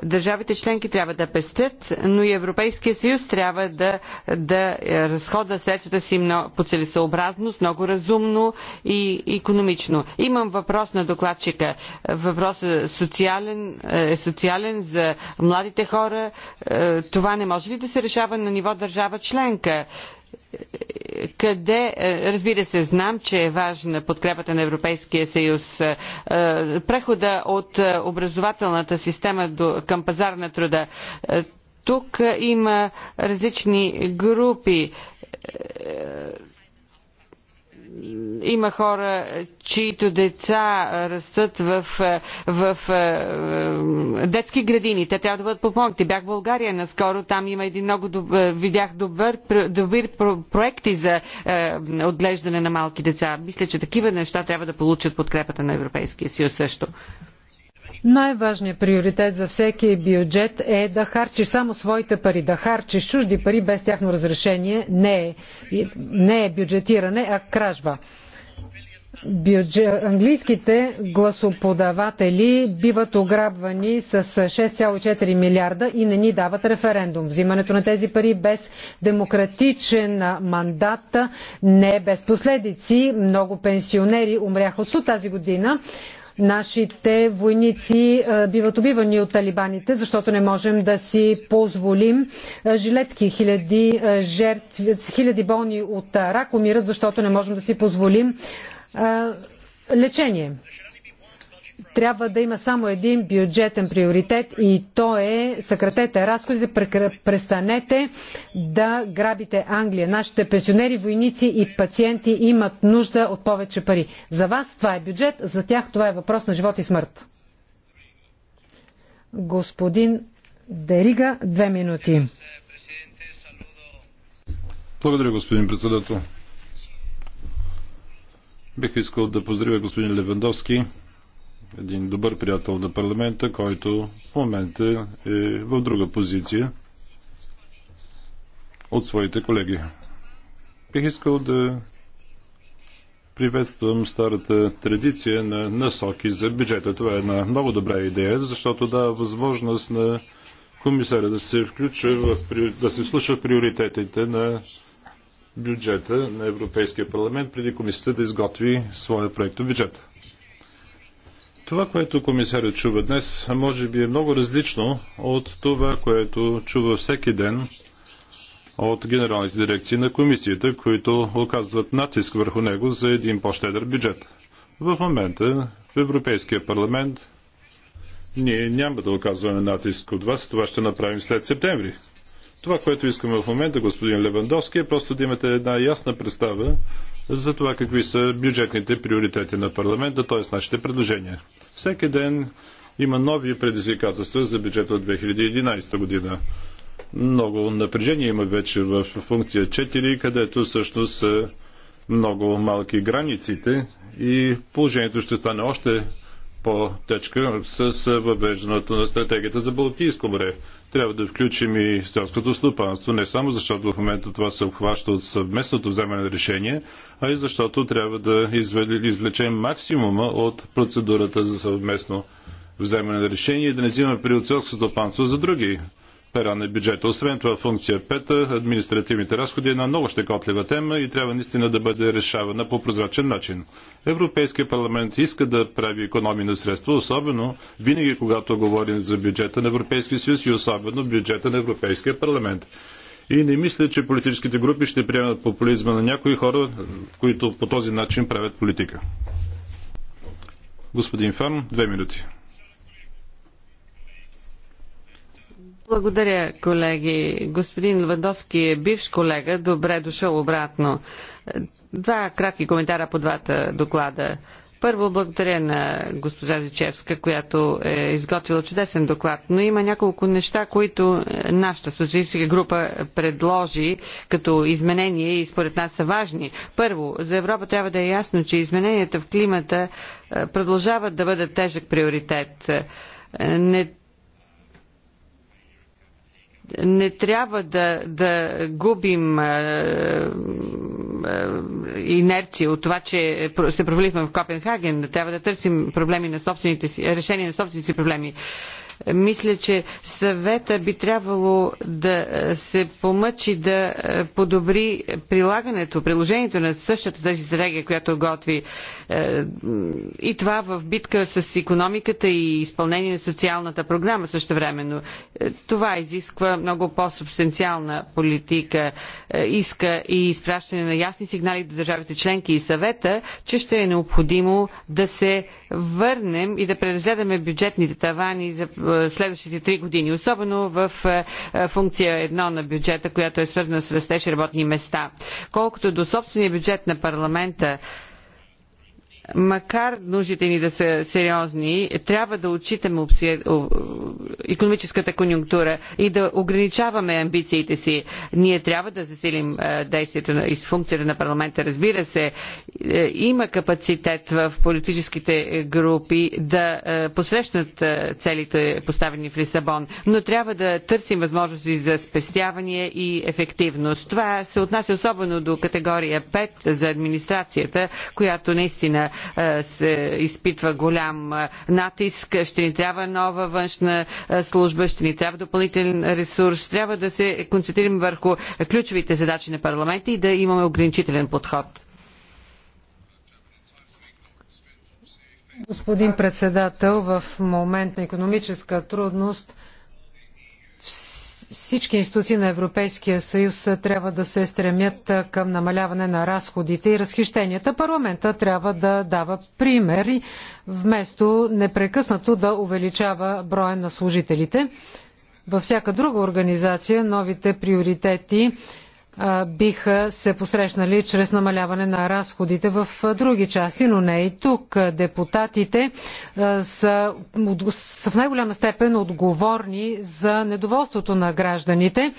Държавите членки трябва да пестят, но и Европейския съюз трябва да, да разходва средствата си много, по целесообразност, много разумно и економично. Имам въпрос на докладчика. Въпросът е социален, е социален за младите хора. Е, това не може ли да се решава на ниво държава членка? къде, е, разбира се, знам, че е важна подкрепата на Европейския съюз. Е, е, прехода от образователната система до, към пазар на труда. Тук има различни групи има хора, чието деца растат в, в, в, в детски градини. Те трябва да бъдат помогнати. Бях в България наскоро, там има един много добър, е, видях добър, добър проекти за е, отглеждане на малки деца. Мисля, че такива неща трябва да получат подкрепата на Европейския съюз също. Най-важният приоритет за всеки бюджет е да харчиш само своите пари. Да харчиш чужди пари без тяхно разрешение не е, не е бюджетиране, а кражба. Бюджет, английските гласоподаватели биват ограбвани с 6,4 милиарда и не ни дават референдум. Взимането на тези пари без демократичен мандат не е без последици. Много пенсионери умряха от тази година Нашите войници биват убивани от талибаните, защото не можем да си позволим жилетки. Хиляди, жертв, хиляди болни от рак умират, защото не можем да си позволим лечение трябва да има само един бюджетен приоритет и то е съкратете разходите, престанете да грабите Англия. Нашите пенсионери, войници и пациенти имат нужда от повече пари. За вас това е бюджет, за тях това е въпрос на живот и смърт. Господин Дерига, две минути. Благодаря, господин председател. Бих искал да поздравя господин Левендовски един добър приятел на парламента, който в момента е в друга позиция от своите колеги. Бих искал да приветствам старата традиция на насоки за бюджета. Това е една много добра идея, защото дава възможност на комисаря да се включва в, да се слуша в приоритетите на бюджета на Европейския парламент преди комисията да изготви своя проект бюджет. Това, което комисарят чува днес, може би е много различно от това, което чува всеки ден от генералните дирекции на комисията, които оказват натиск върху него за един по-щедър бюджет. В момента в Европейския парламент ние няма да оказваме натиск от вас, това ще направим след септември. Това, което искаме в момента, господин Левандовски, е просто да имате една ясна представа за това какви са бюджетните приоритети на парламента, т.е. нашите предложения. Всеки ден има нови предизвикателства за бюджета от 2011 година. Много напрежение има вече в функция 4, където всъщност са много малки границите и положението ще стане още по-течка с въвеждането на стратегията за Балтийско море. Трябва да включим и селското стопанство, не само защото в момента това се обхваща от съвместното вземане на решение, а и защото трябва да извлечем максимума от процедурата за съвместно вземане на решение и да не взимаме при от селското стопанство за други пера на бюджета. Освен това, функция 5, административните разходи е една много щекотлива тема и трябва наистина да бъде решавана по прозрачен начин. Европейския парламент иска да прави економии на средства, особено винаги когато говорим за бюджета на Европейския съюз и особено бюджета на Европейския парламент. И не мисля, че политическите групи ще приемат популизма на някои хора, които по този начин правят политика. Господин Фан, две минути. Благодаря, колеги. Господин Левандовски е бивш колега. Добре дошъл обратно. Два кратки коментара по двата доклада. Първо, благодаря на госпожа Зичевска, която е изготвила чудесен доклад, но има няколко неща, които нашата социалистическа група предложи като изменения и според нас са важни. Първо, за Европа трябва да е ясно, че измененията в климата продължават да бъдат тежък приоритет. Не не трябва да, да губим е, е, инерция от това, че се провалихме в Копенхаген. Трябва да търсим проблеми на собствените си, решение на собствените си проблеми. Е, мисля, че съвета би трябвало да се помъчи да е, подобри прилагането, приложението на същата тази стратегия, която готви е, и това в битка с економиката и изпълнение на социалната програма също времено. Е, това изисква много по-субстанциална политика, иска и изпращане на ясни сигнали до държавите членки и съвета, че ще е необходимо да се върнем и да преразгледаме бюджетните тавани за е, следващите три години, особено в е, е, функция едно на бюджета, която е свързана с растеж работни места. Колкото до собствения бюджет на парламента, макар нуждите ни да са сериозни, трябва да отчитаме економическата конюнктура и да ограничаваме амбициите си. Ние трябва да засилим е, действието и функцията на парламента. Разбира се, е, има капацитет в политическите групи да е, посрещнат целите поставени в Лисабон, но трябва да търсим възможности за спестяване и ефективност. Това се отнася особено до категория 5 за администрацията, която наистина е, се изпитва голям е, натиск, ще ни трябва нова външна е, служба, ще ни трябва допълнителен ресурс, трябва да се концентрираме върху ключовите задачи на парламента и да имаме ограничителен подход. Господин председател, в момент на економическа трудност всички институции на Европейския съюз трябва да се стремят към намаляване на разходите и разхищенията. Парламента трябва да дава пример, вместо непрекъснато да увеличава броя на служителите. Във всяка друга организация новите приоритети биха се посрещнали чрез намаляване на разходите в други части, но не и тук. Депутатите са, са в най-голяма степен отговорни за недоволството на гражданите.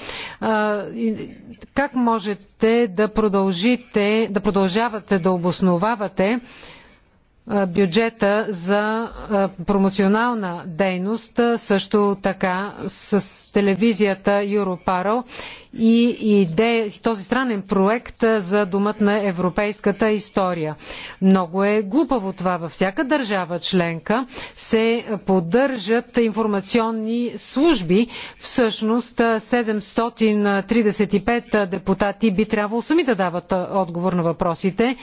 Как можете да продължите, да продължавате да обосновавате бюджета за промоционална дейност, също така с телевизията Europarl и идея, този странен проект за думът на европейската история. Много е глупаво това. Във всяка държава членка се поддържат информационни служби. Всъщност 735 депутати би трябвало сами да дават отговор на въпросите.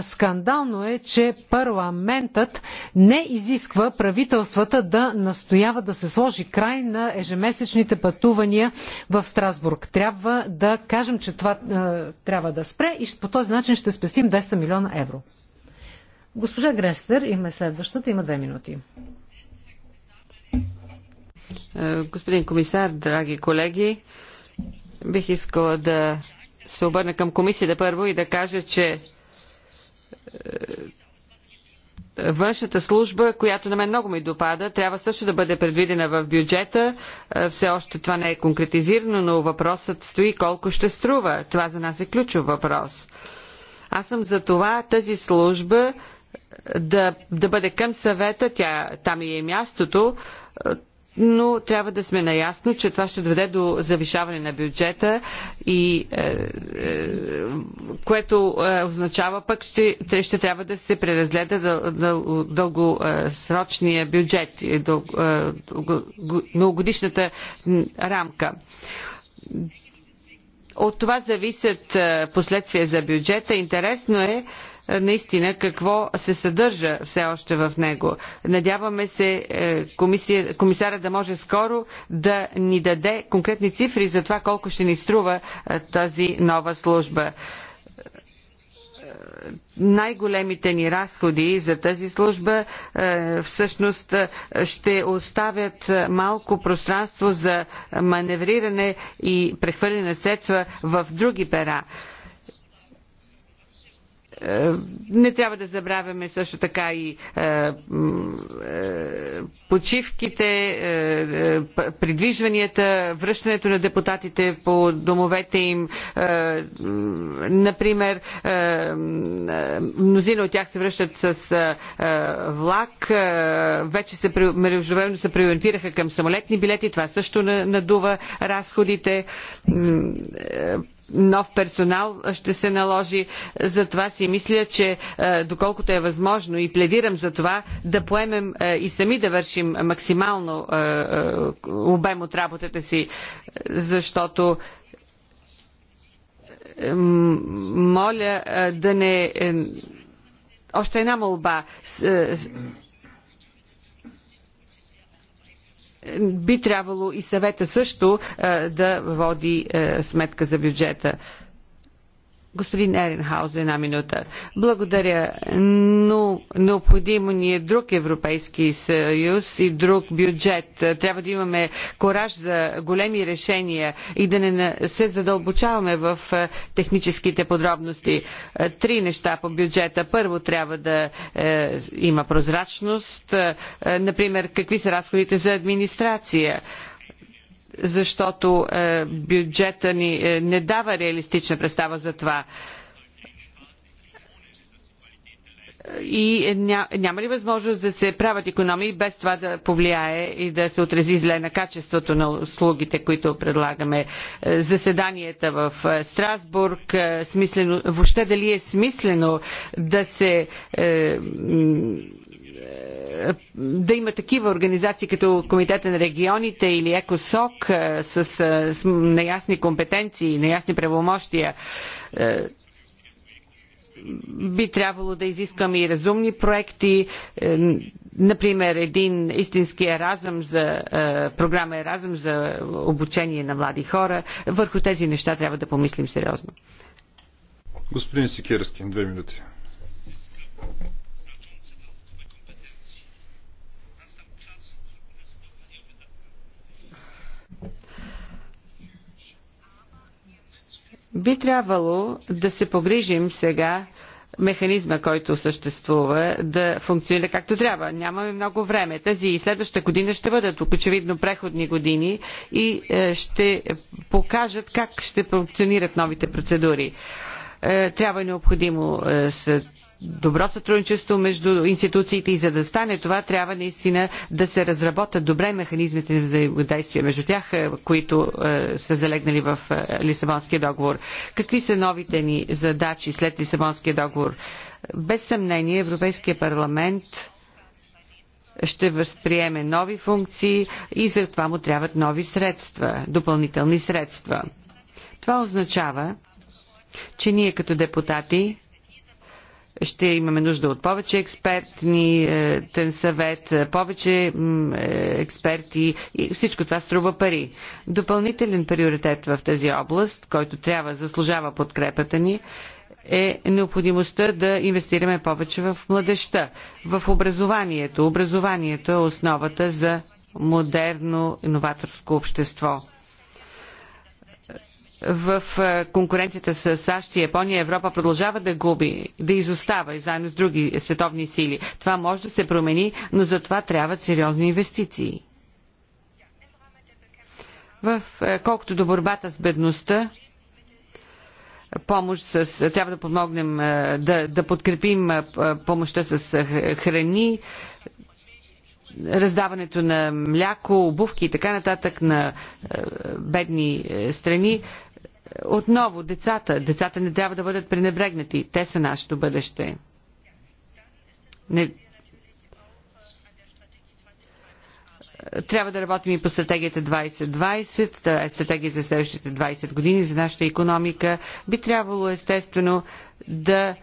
Скандално е, че парламентът не изисква правителствата да настоява да се сложи край на ежемесечните пътувания в Страсбург трябва да кажем, че това е, трябва да спре и по този начин ще спестим 200 милиона евро. Госпожа Грестер има следващата, има две минути. Е, господин комисар, драги колеги, бих искала да се обърна към комисията първо и да кажа, че е, външната служба, която на мен много ми допада, трябва също да бъде предвидена в бюджета. Е, все още това не е конкретизирано, но въпросът стои колко ще струва. Това за нас е ключов въпрос. Аз съм за това тази служба е, да, да бъде към съвета, тя, там и е мястото, е, но трябва да сме наясно, че това ще доведе до завишаване на бюджета и е, е, което е, означава пък, че ще трябва да се преразгледа дългосрочния бюджет, многогодишната рамка. От това зависят последствия за бюджета. Интересно е, наистина какво се съдържа все още в него. Надяваме се е, комисия, комисаря да може скоро да ни даде конкретни цифри за това колко ще ни струва е, тази нова служба е, най-големите ни разходи за тази служба всъщност ще оставят малко пространство за маневриране и прехвърляне на средства в други пера. Е, не трябва да забравяме също така и е, е, почивките, придвижванията, връщането на депутатите по домовете им. Например, мнозина от тях се връщат с влак. Вече се междувременно се приориентираха към самолетни билети. Това също надува разходите нов персонал ще се наложи. Затова си мисля, че е, доколкото е възможно и пледирам за това да поемем е, и сами да вършим максимално е, обем от работата си, защото моля да не. Още една молба би трябвало и съвета също е, да води е, сметка за бюджета. Господин Еренхаус, една минута. Благодаря, но необходимо ни е друг Европейски съюз и друг бюджет. Трябва да имаме кораж за големи решения и да не се задълбочаваме в е, техническите подробности. Е, три неща по бюджета. Първо трябва да е, има прозрачност, е, е например, какви са разходите за администрация защото е, бюджета ни е, не дава реалистична представа за това и е, ня, няма ли възможност да се правят економии без това да повлияе и да се отрази зле на качеството на услугите, които предлагаме? Заседанията в Страсбург, смислено, въобще дали е смислено да се е, е, да има такива организации като Комитета на регионите или ЕКОСОК е, с, е, с неясни компетенции, неясни правомощия би трябвало да изискаме и разумни проекти, например един истински еразъм за програма Еразъм за обучение на млади хора. Върху тези неща трябва да помислим сериозно. Господин Сикерски, две минути. Би трябвало да се погрижим сега механизма, който съществува, да функционира както трябва. Нямаме много време. Тази и следващата година ще бъдат очевидно преходни години и е, ще покажат как ще функционират новите процедури е, трябва необходимо е, добро сътрудничество между институциите и за да стане това, трябва наистина да се разработят добре механизмите на взаимодействие между тях, е, които е, са залегнали в е, Лисабонския договор. Какви са новите ни задачи след Лисабонския договор? Без съмнение Европейския парламент ще възприеме нови функции и за това му трябват нови средства, допълнителни средства. Това означава, че ние като депутати ще имаме нужда от повече експертни е, тен съвет, е, повече е, експерти и всичко това струва пари. Допълнителен приоритет в тази област, който трябва заслужава подкрепата ни, е необходимостта да инвестираме повече в младеща, в образованието. Образованието е основата за модерно иноваторско общество в е, конкуренцията с САЩ и Япония Европа продължава да губи, да изостава и заедно с други световни сили. Това може да се промени, но за това трябват сериозни инвестиции. В, е, колкото до борбата с бедността, помощ с, трябва да помогнем е, да, да подкрепим помощта с храни, раздаването на мляко, обувки и така нататък на бедни страни отново децата. Децата не трябва да бъдат пренебрегнати. Те са нашето бъдеще. Не... Трябва да работим и по стратегията 2020, стратегия за следващите 20 години за нашата економика. Би трябвало естествено да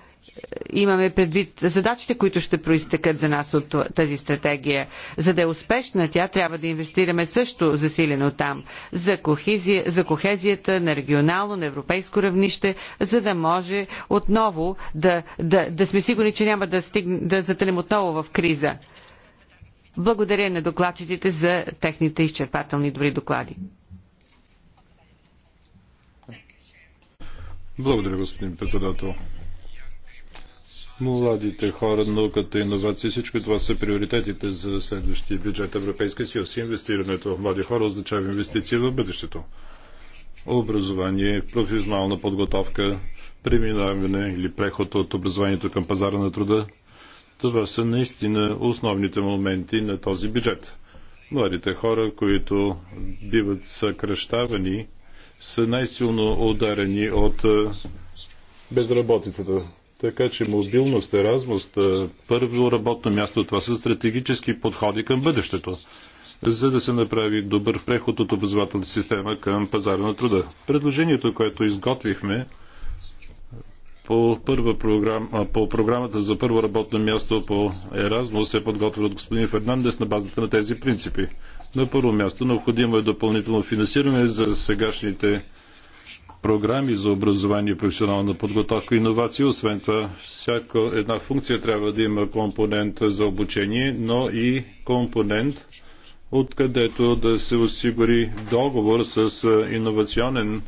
имаме предвид задачите, които ще проистекат за нас от тази стратегия. За да е успешна тя, трябва да инвестираме също засилено там, за, кохизия, за кохезията на регионално, на европейско равнище, за да може отново да, да, да сме сигурни, че няма да, стигне, да затънем отново в криза. Благодаря на докладчиците за техните изчерпателни добри доклади. Благодаря, господин председател младите хора, науката, иновации, всичко това са приоритетите за следващия бюджет Европейска съюз. Инвестирането в млади хора означава инвестиции в бъдещето. Образование, професионална подготовка, преминаване или преход от образованието към пазара на труда. Това са наистина основните моменти на този бюджет. Младите хора, които биват съкръщавани, са най-силно ударени от безработицата. Така че мобилност, еразмост, е, първо работно място, това са стратегически подходи към бъдещето, за да се направи добър преход от образователната система към пазара на труда. Предложението, което изготвихме по, първа програма, по програмата за първо работно място по Еразмус се подготвил от господин Фернандес на базата на тези принципи. На първо място необходимо е допълнително финансиране за сегашните програми за образование, професионална подготовка и иновации. Освен това, всяка една функция трябва да има компонент за обучение, но и компонент, откъдето да се осигури договор с иновационен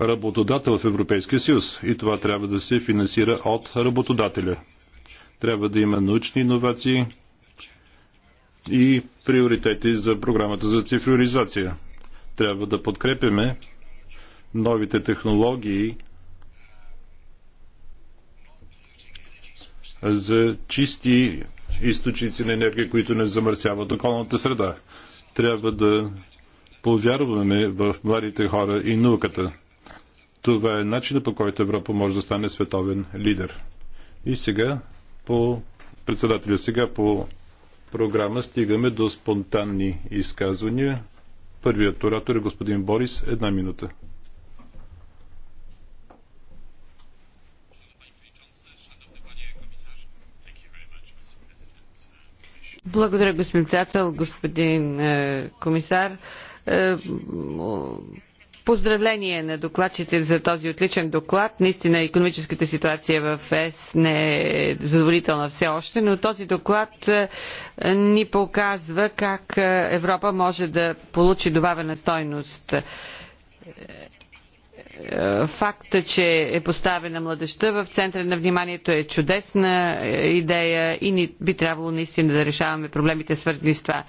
работодател в Европейския съюз и това трябва да се финансира от работодателя. Трябва да има научни иновации и приоритети за програмата за цифровизация. Трябва да подкрепяме новите технологии за чисти източници на енергия, които не замърсяват околната среда. Трябва да повярваме в младите хора и науката. Това е начинът по който Европа може да стане световен лидер. И сега по председателя, сега по програма стигаме до спонтанни изказвания. Първият оратор е господин Борис. Една минута. Благодаря, господин председател, господин е, комисар. Е, Поздравление на докладчите за този отличен доклад. Наистина економическата ситуация в ЕС не е задоволителна все още, но този доклад е, ни показва как е, Европа може да получи добавена стойност факта, че е поставена младеща в центъра на вниманието е чудесна е, идея и ни би трябвало наистина да решаваме проблемите свързани с това.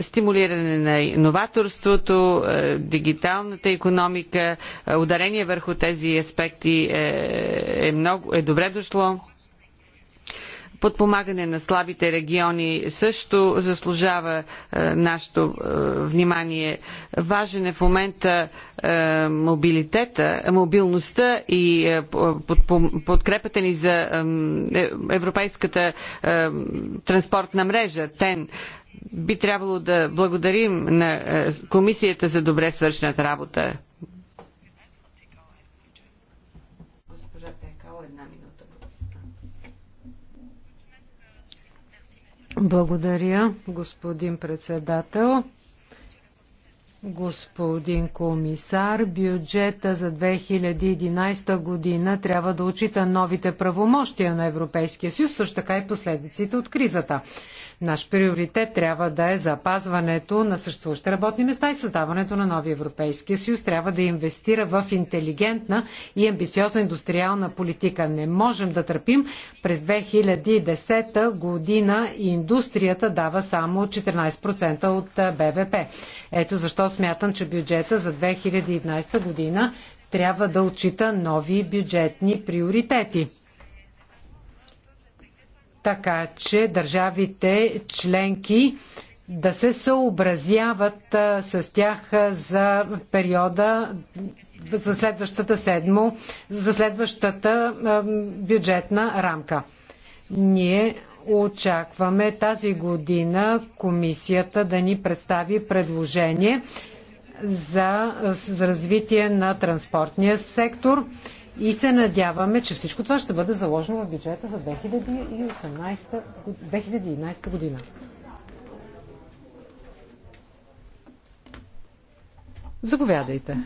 Стимулиране на новаторството, е, дигиталната економика, е, ударение върху тези аспекти е, е, много, е добре дошло Подпомагане на слабите региони също заслужава е, нашето е, внимание. Важен е в момента е, мобилитета, мобилността и подкрепата ни за европейската транспортна мрежа, ТЕН би трябвало да благодарим на комисията за добре свършената работа. Благодаря, господин председател. Господин комисар, бюджета за 2011 година трябва да очита новите правомощия на Европейския съюз, също така и последиците от кризата. Наш приоритет трябва да е запазването на съществуващите работни места и създаването на нови Европейския съюз. Трябва да инвестира в интелигентна и амбициозна индустриална политика. Не можем да търпим. През 2010 година индустрията дава само 14% от БВП. Ето защо смятам, че бюджета за 2011 година трябва да отчита нови бюджетни приоритети така че държавите членки да се съобразяват с тях за периода за следващата седмо, за следващата бюджетна рамка. Ние очакваме тази година комисията да ни представи предложение за, за развитие на транспортния сектор и се надяваме, че всичко това ще бъде заложено в бюджета за 2018, 2011 година. Заповядайте.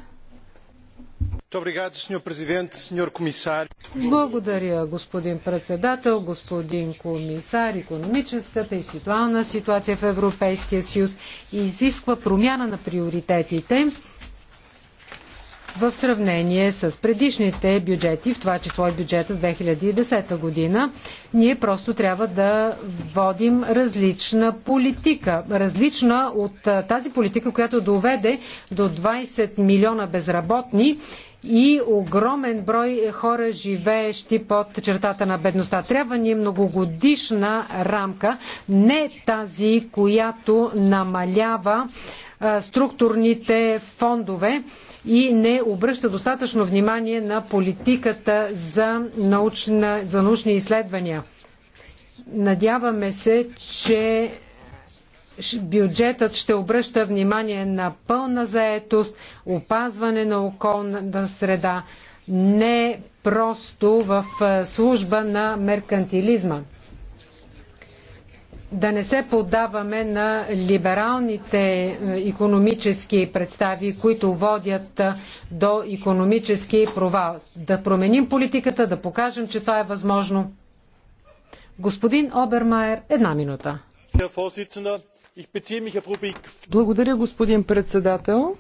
Благодаря, господин председател, господин комисар. Економическата и ситуална ситуация в Европейския съюз изисква промяна на приоритетите в сравнение с предишните бюджети, в това число и бюджета 2010 година. Ние просто трябва да водим различна политика, различна от тази политика, която доведе до 20 милиона безработни и огромен брой хора, живеещи под чертата на бедността. Трябва ни многогодишна рамка, не тази, която намалява структурните фондове и не обръща достатъчно внимание на политиката за, научна, за научни изследвания. Надяваме се, че бюджетът ще обръща внимание на пълна заетост, опазване на околната среда, не просто в служба на меркантилизма да не се поддаваме на либералните економически представи, които водят е, до економически провал. Да променим политиката, да покажем, че това е възможно. Господин Обермайер, една минута. Благодаря, господин председател.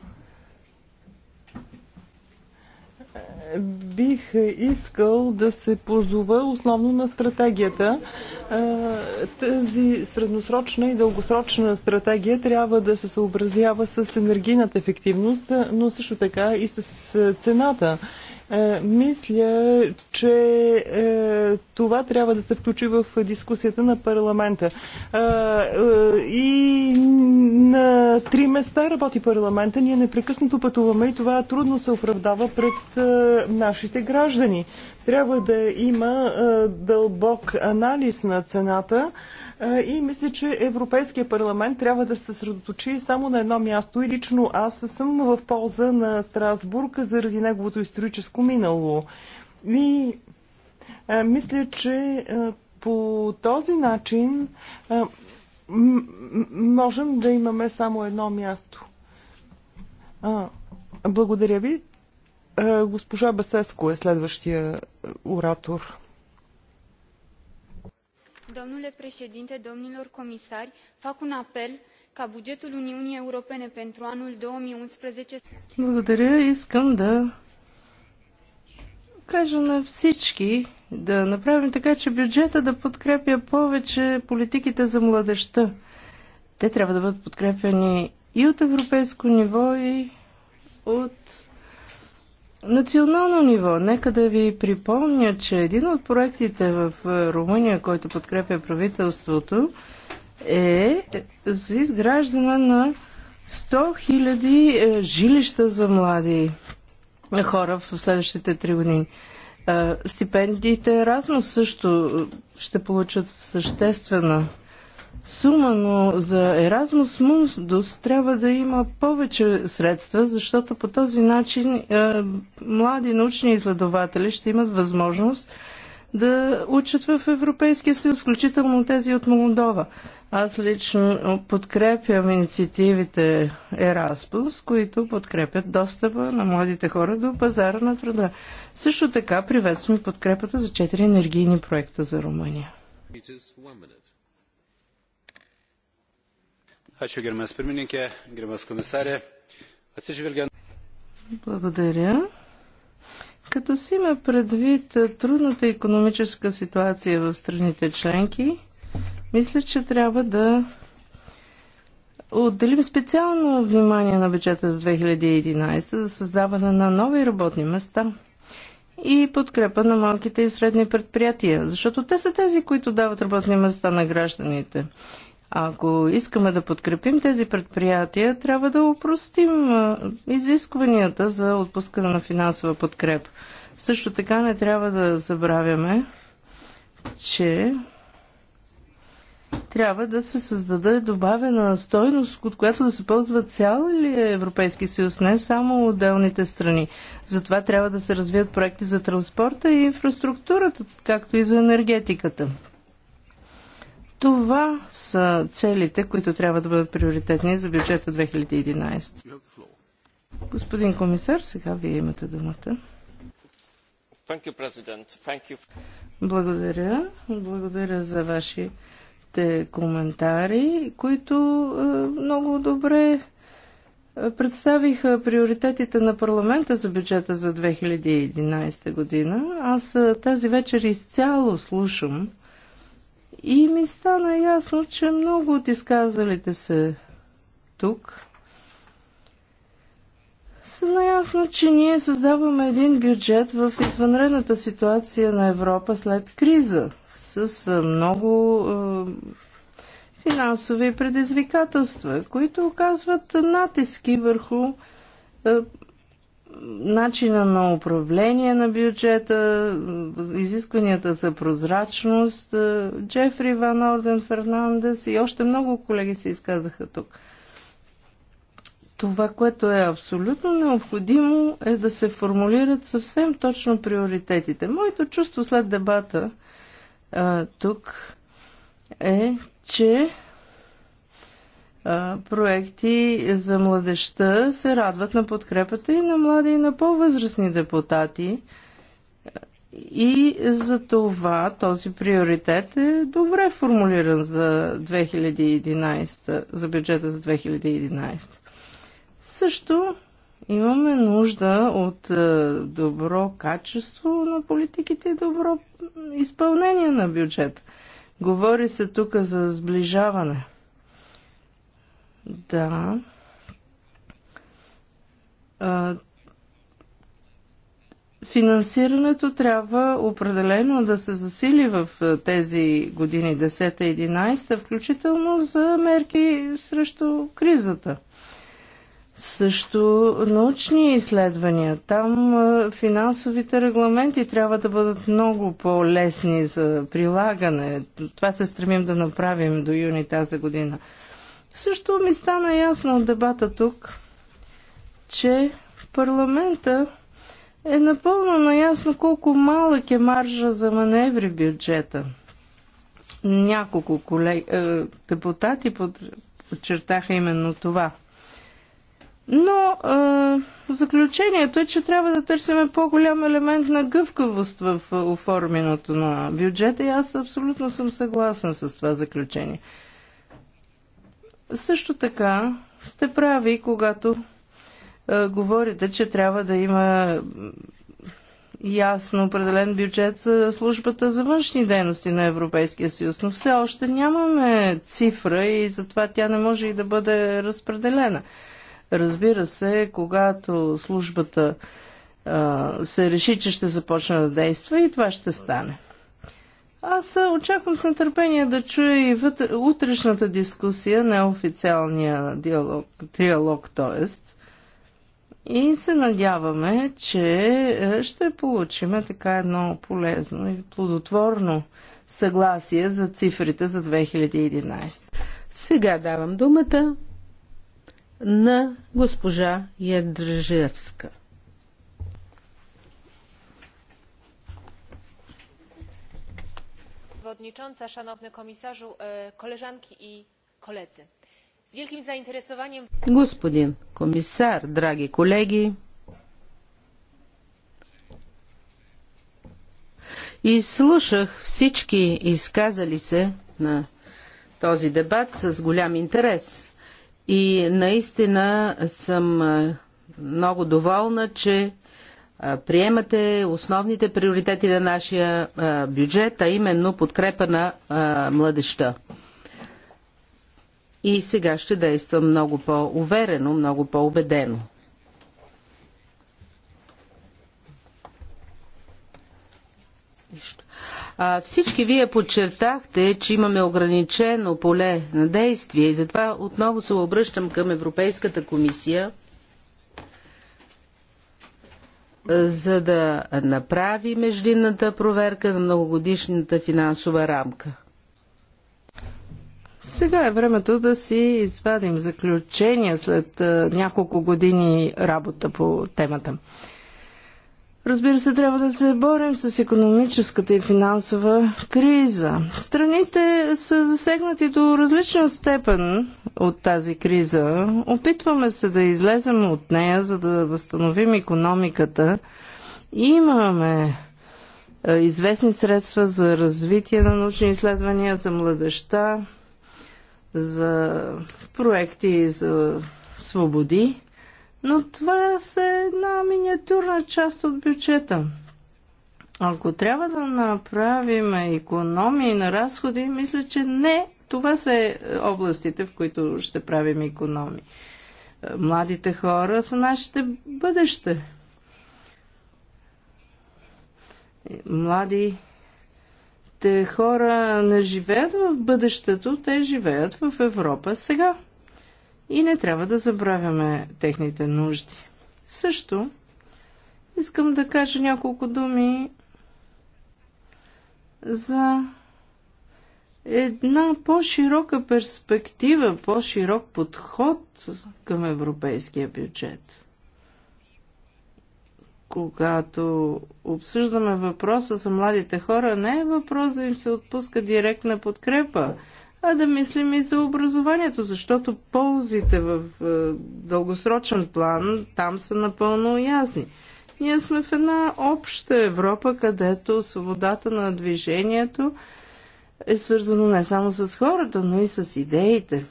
бих искал да се позова основно на стратегията. Тази средносрочна и дългосрочна стратегия трябва да се съобразява с енергийната ефективност, но също така и с цената. Е, мисля, че е, това трябва да се включи в дискусията на парламента. Е, и на три места работи парламента. Ние непрекъснато пътуваме и това трудно се оправдава пред нашите граждани. Трябва да има дълбок анализ на цената. И мисля, че Европейския парламент трябва да се съсредоточи само на едно място. И лично аз съм в полза на Страсбург заради неговото историческо минало. И мисля, че по този начин можем да имаме само едно място. благодаря ви. госпожа Басеско е следващия оратор domnule preedinte domnilor comisari fac un apel ca bugetul uniunii europene pentru anul două mii unsprezece Благодаря. Искам да кажа на всички да направим така, че бюджета да подкрепя повече политиките за младеща. Те трябва да бъдат подкрепени и от европейско ниво, и от национално ниво. Нека да ви припомня, че един от проектите в е, Румъния, който подкрепя правителството, е за изграждане на 100 000 е, жилища за млади е, хора в следващите три години. Стипендиите Erasmus също ще получат съществена сума, но за Еразмус Мундус трябва да има повече средства, защото по този начин е, млади научни изследователи ще имат възможност да учат в Европейския съюз, включително тези от Молдова. Аз лично подкрепям инициативите Erasmus, които подкрепят достъпа на младите хора до пазара на труда. Също така приветствам подкрепата за четири енергийни проекта за Румъния gerbiamas pirmininkė, gerbiamas Atsižvelgiant. Благодаря. Като си има предвид трудната економическа ситуация в страните членки, мисля, че трябва да отделим специално внимание на бюджета за 2011 за създаване на нови работни места и подкрепа на малките и средни предприятия, защото те са тези, които дават работни места на гражданите. Ако искаме да подкрепим тези предприятия, трябва да упростим изискванията за отпускане на финансова подкреп. Също така не трябва да забравяме, че трябва да се създаде добавена стойност, от която да се ползва цял ли Европейски съюз, не само отделните страни. Затова трябва да се развият проекти за транспорта и инфраструктурата, както и за енергетиката. Това са целите, които трябва да бъдат приоритетни за бюджета 2011. Господин комисар, сега вие имате думата. Благодаря. Благодаря за вашите коментари, които е, много добре е, представиха приоритетите на парламента за бюджета за 2011 година. Аз е, тази вечер изцяло слушам и ми стана ясно, че много от изказалите се тук са наясно, че ние създаваме един бюджет в извънредната ситуация на Европа след криза с много е, финансови предизвикателства, които оказват натиски върху начина на управление на бюджета, изискванията за прозрачност. Е, Джефри Ван Орден Фернандес и още много колеги се изказаха тук. Това, което е абсолютно необходимо, е да се формулират съвсем точно приоритетите. Моето чувство след дебата а, е, тук е, че проекти за младеща се радват на подкрепата и на млади и на по-възрастни депутати. И за това този приоритет е добре формулиран за 2011, за бюджета за 2011. Също имаме нужда от добро качество на политиките и добро изпълнение на бюджет. Говори се тук за сближаване – да. Финансирането трябва определено да се засили в тези години 10-11, включително за мерки срещу кризата. Също научни изследвания. Там финансовите регламенти трябва да бъдат много по-лесни за прилагане. Това се стремим да направим до юни тази година. Също ми стана ясно от дебата тук, че парламента е напълно наясно колко малък е маржа за маневри бюджета. Няколко колег... Е, депутати подчертаха именно това. Но е, заключението е, че трябва да търсим по-голям елемент на гъвкавост в е, оформянето на бюджета и аз абсолютно съм съгласен с това заключение. Също така сте прави, когато е, говорите, че трябва да има ясно определен бюджет за службата за външни дейности на Европейския съюз, но все още нямаме цифра и затова тя не може и да бъде разпределена. Разбира се, когато службата се реши, че ще започне да действа и това ще стане. Аз очаквам с нетърпение да чуя и вътре, утрешната дискусия, неофициалния диалог, триалог, т.е. И се надяваме, че е, ще получим така едно полезно и плодотворно съгласие за цифрите за 2011. Сега давам думата на госпожа Ядръжевска. przewodnicząca! szanowny komisarzu! E, koleżanki i koledzy! z wielkim zainteresowaniem. господин комисар драги колеги изслушах всички изказали се на този дебат с голям интерес и наистина съм е, много доволна че приемате основните приоритети на нашия бюджет, а именно подкрепа на младеща. И сега ще действам много по-уверено, много по-убедено. Всички вие подчертахте, че имаме ограничено поле на действие и затова отново се обръщам към Европейската комисия – за да направи междинната проверка на многогодишната финансова рамка. Сега е времето да си извадим заключения след няколко години работа по темата. Разбира се, трябва да се борим с економическата и финансова криза. Страните са засегнати до различна степен от тази криза. Опитваме се да излезем от нея, за да възстановим економиката. Имаме е, известни средства за развитие на научни изследвания за младеща, за проекти за свободи. Но това е една миниатюрна част от бюджета. Ако трябва да направим економии на разходи, мисля, че не. Това са областите, в които ще правим економии. Младите хора са нашите бъдеще. Млади те хора не живеят в бъдещето, те живеят в Европа сега и не трябва да забравяме техните нужди. Също искам да кажа няколко думи за една по-широка перспектива, по-широк подход към европейския бюджет. Когато обсъждаме въпроса за младите хора, не е въпрос да им се отпуска директна подкрепа, а да мислим и за образованието, защото ползите в е, дългосрочен план там са напълно ясни. Ние сме в една обща Европа, където свободата на движението е свързано не само с хората, но и с идеите.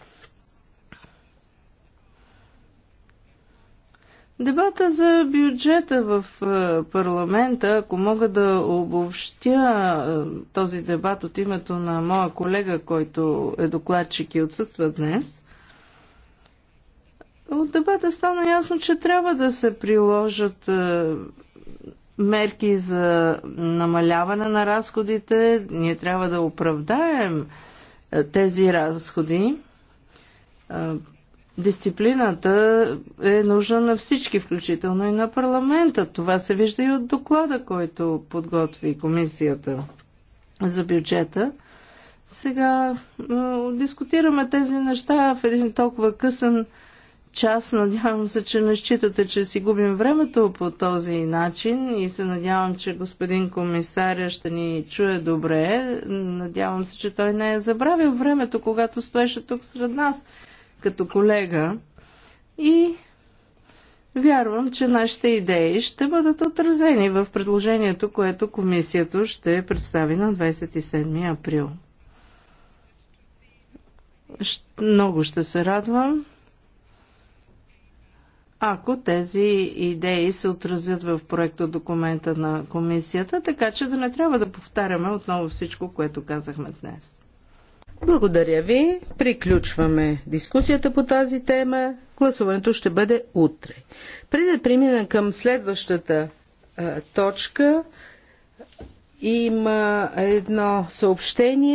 Дебата за бюджета в е, парламента, ако мога да обобщя е, този дебат от името на моя колега, който е докладчик и отсъства днес, от дебата стана ясно, че трябва да се приложат е, мерки за намаляване на разходите. Ние трябва да оправдаем тези разходи дисциплината е нужна на всички, включително и на парламента. Това се вижда и от доклада, който подготви комисията за бюджета. Сега дискутираме тези неща в един толкова късен час. Надявам се, че не считате, че си губим времето по този начин и се надявам, че господин комисаря ще ни чуе добре. Надявам се, че той не е забравил времето, когато стоеше тук сред нас като колега и вярвам, че нашите идеи ще бъдат отразени в предложението, което комисията ще представи на 27 април. Много ще се радвам, ако тези идеи се отразят в проекта документа на комисията, така че да не трябва да повтаряме отново всичко, което казахме днес. Благодаря ви. Приключваме дискусията по тази тема. Гласуването ще бъде утре. Преди да преминем към следващата а, точка, има едно съобщение.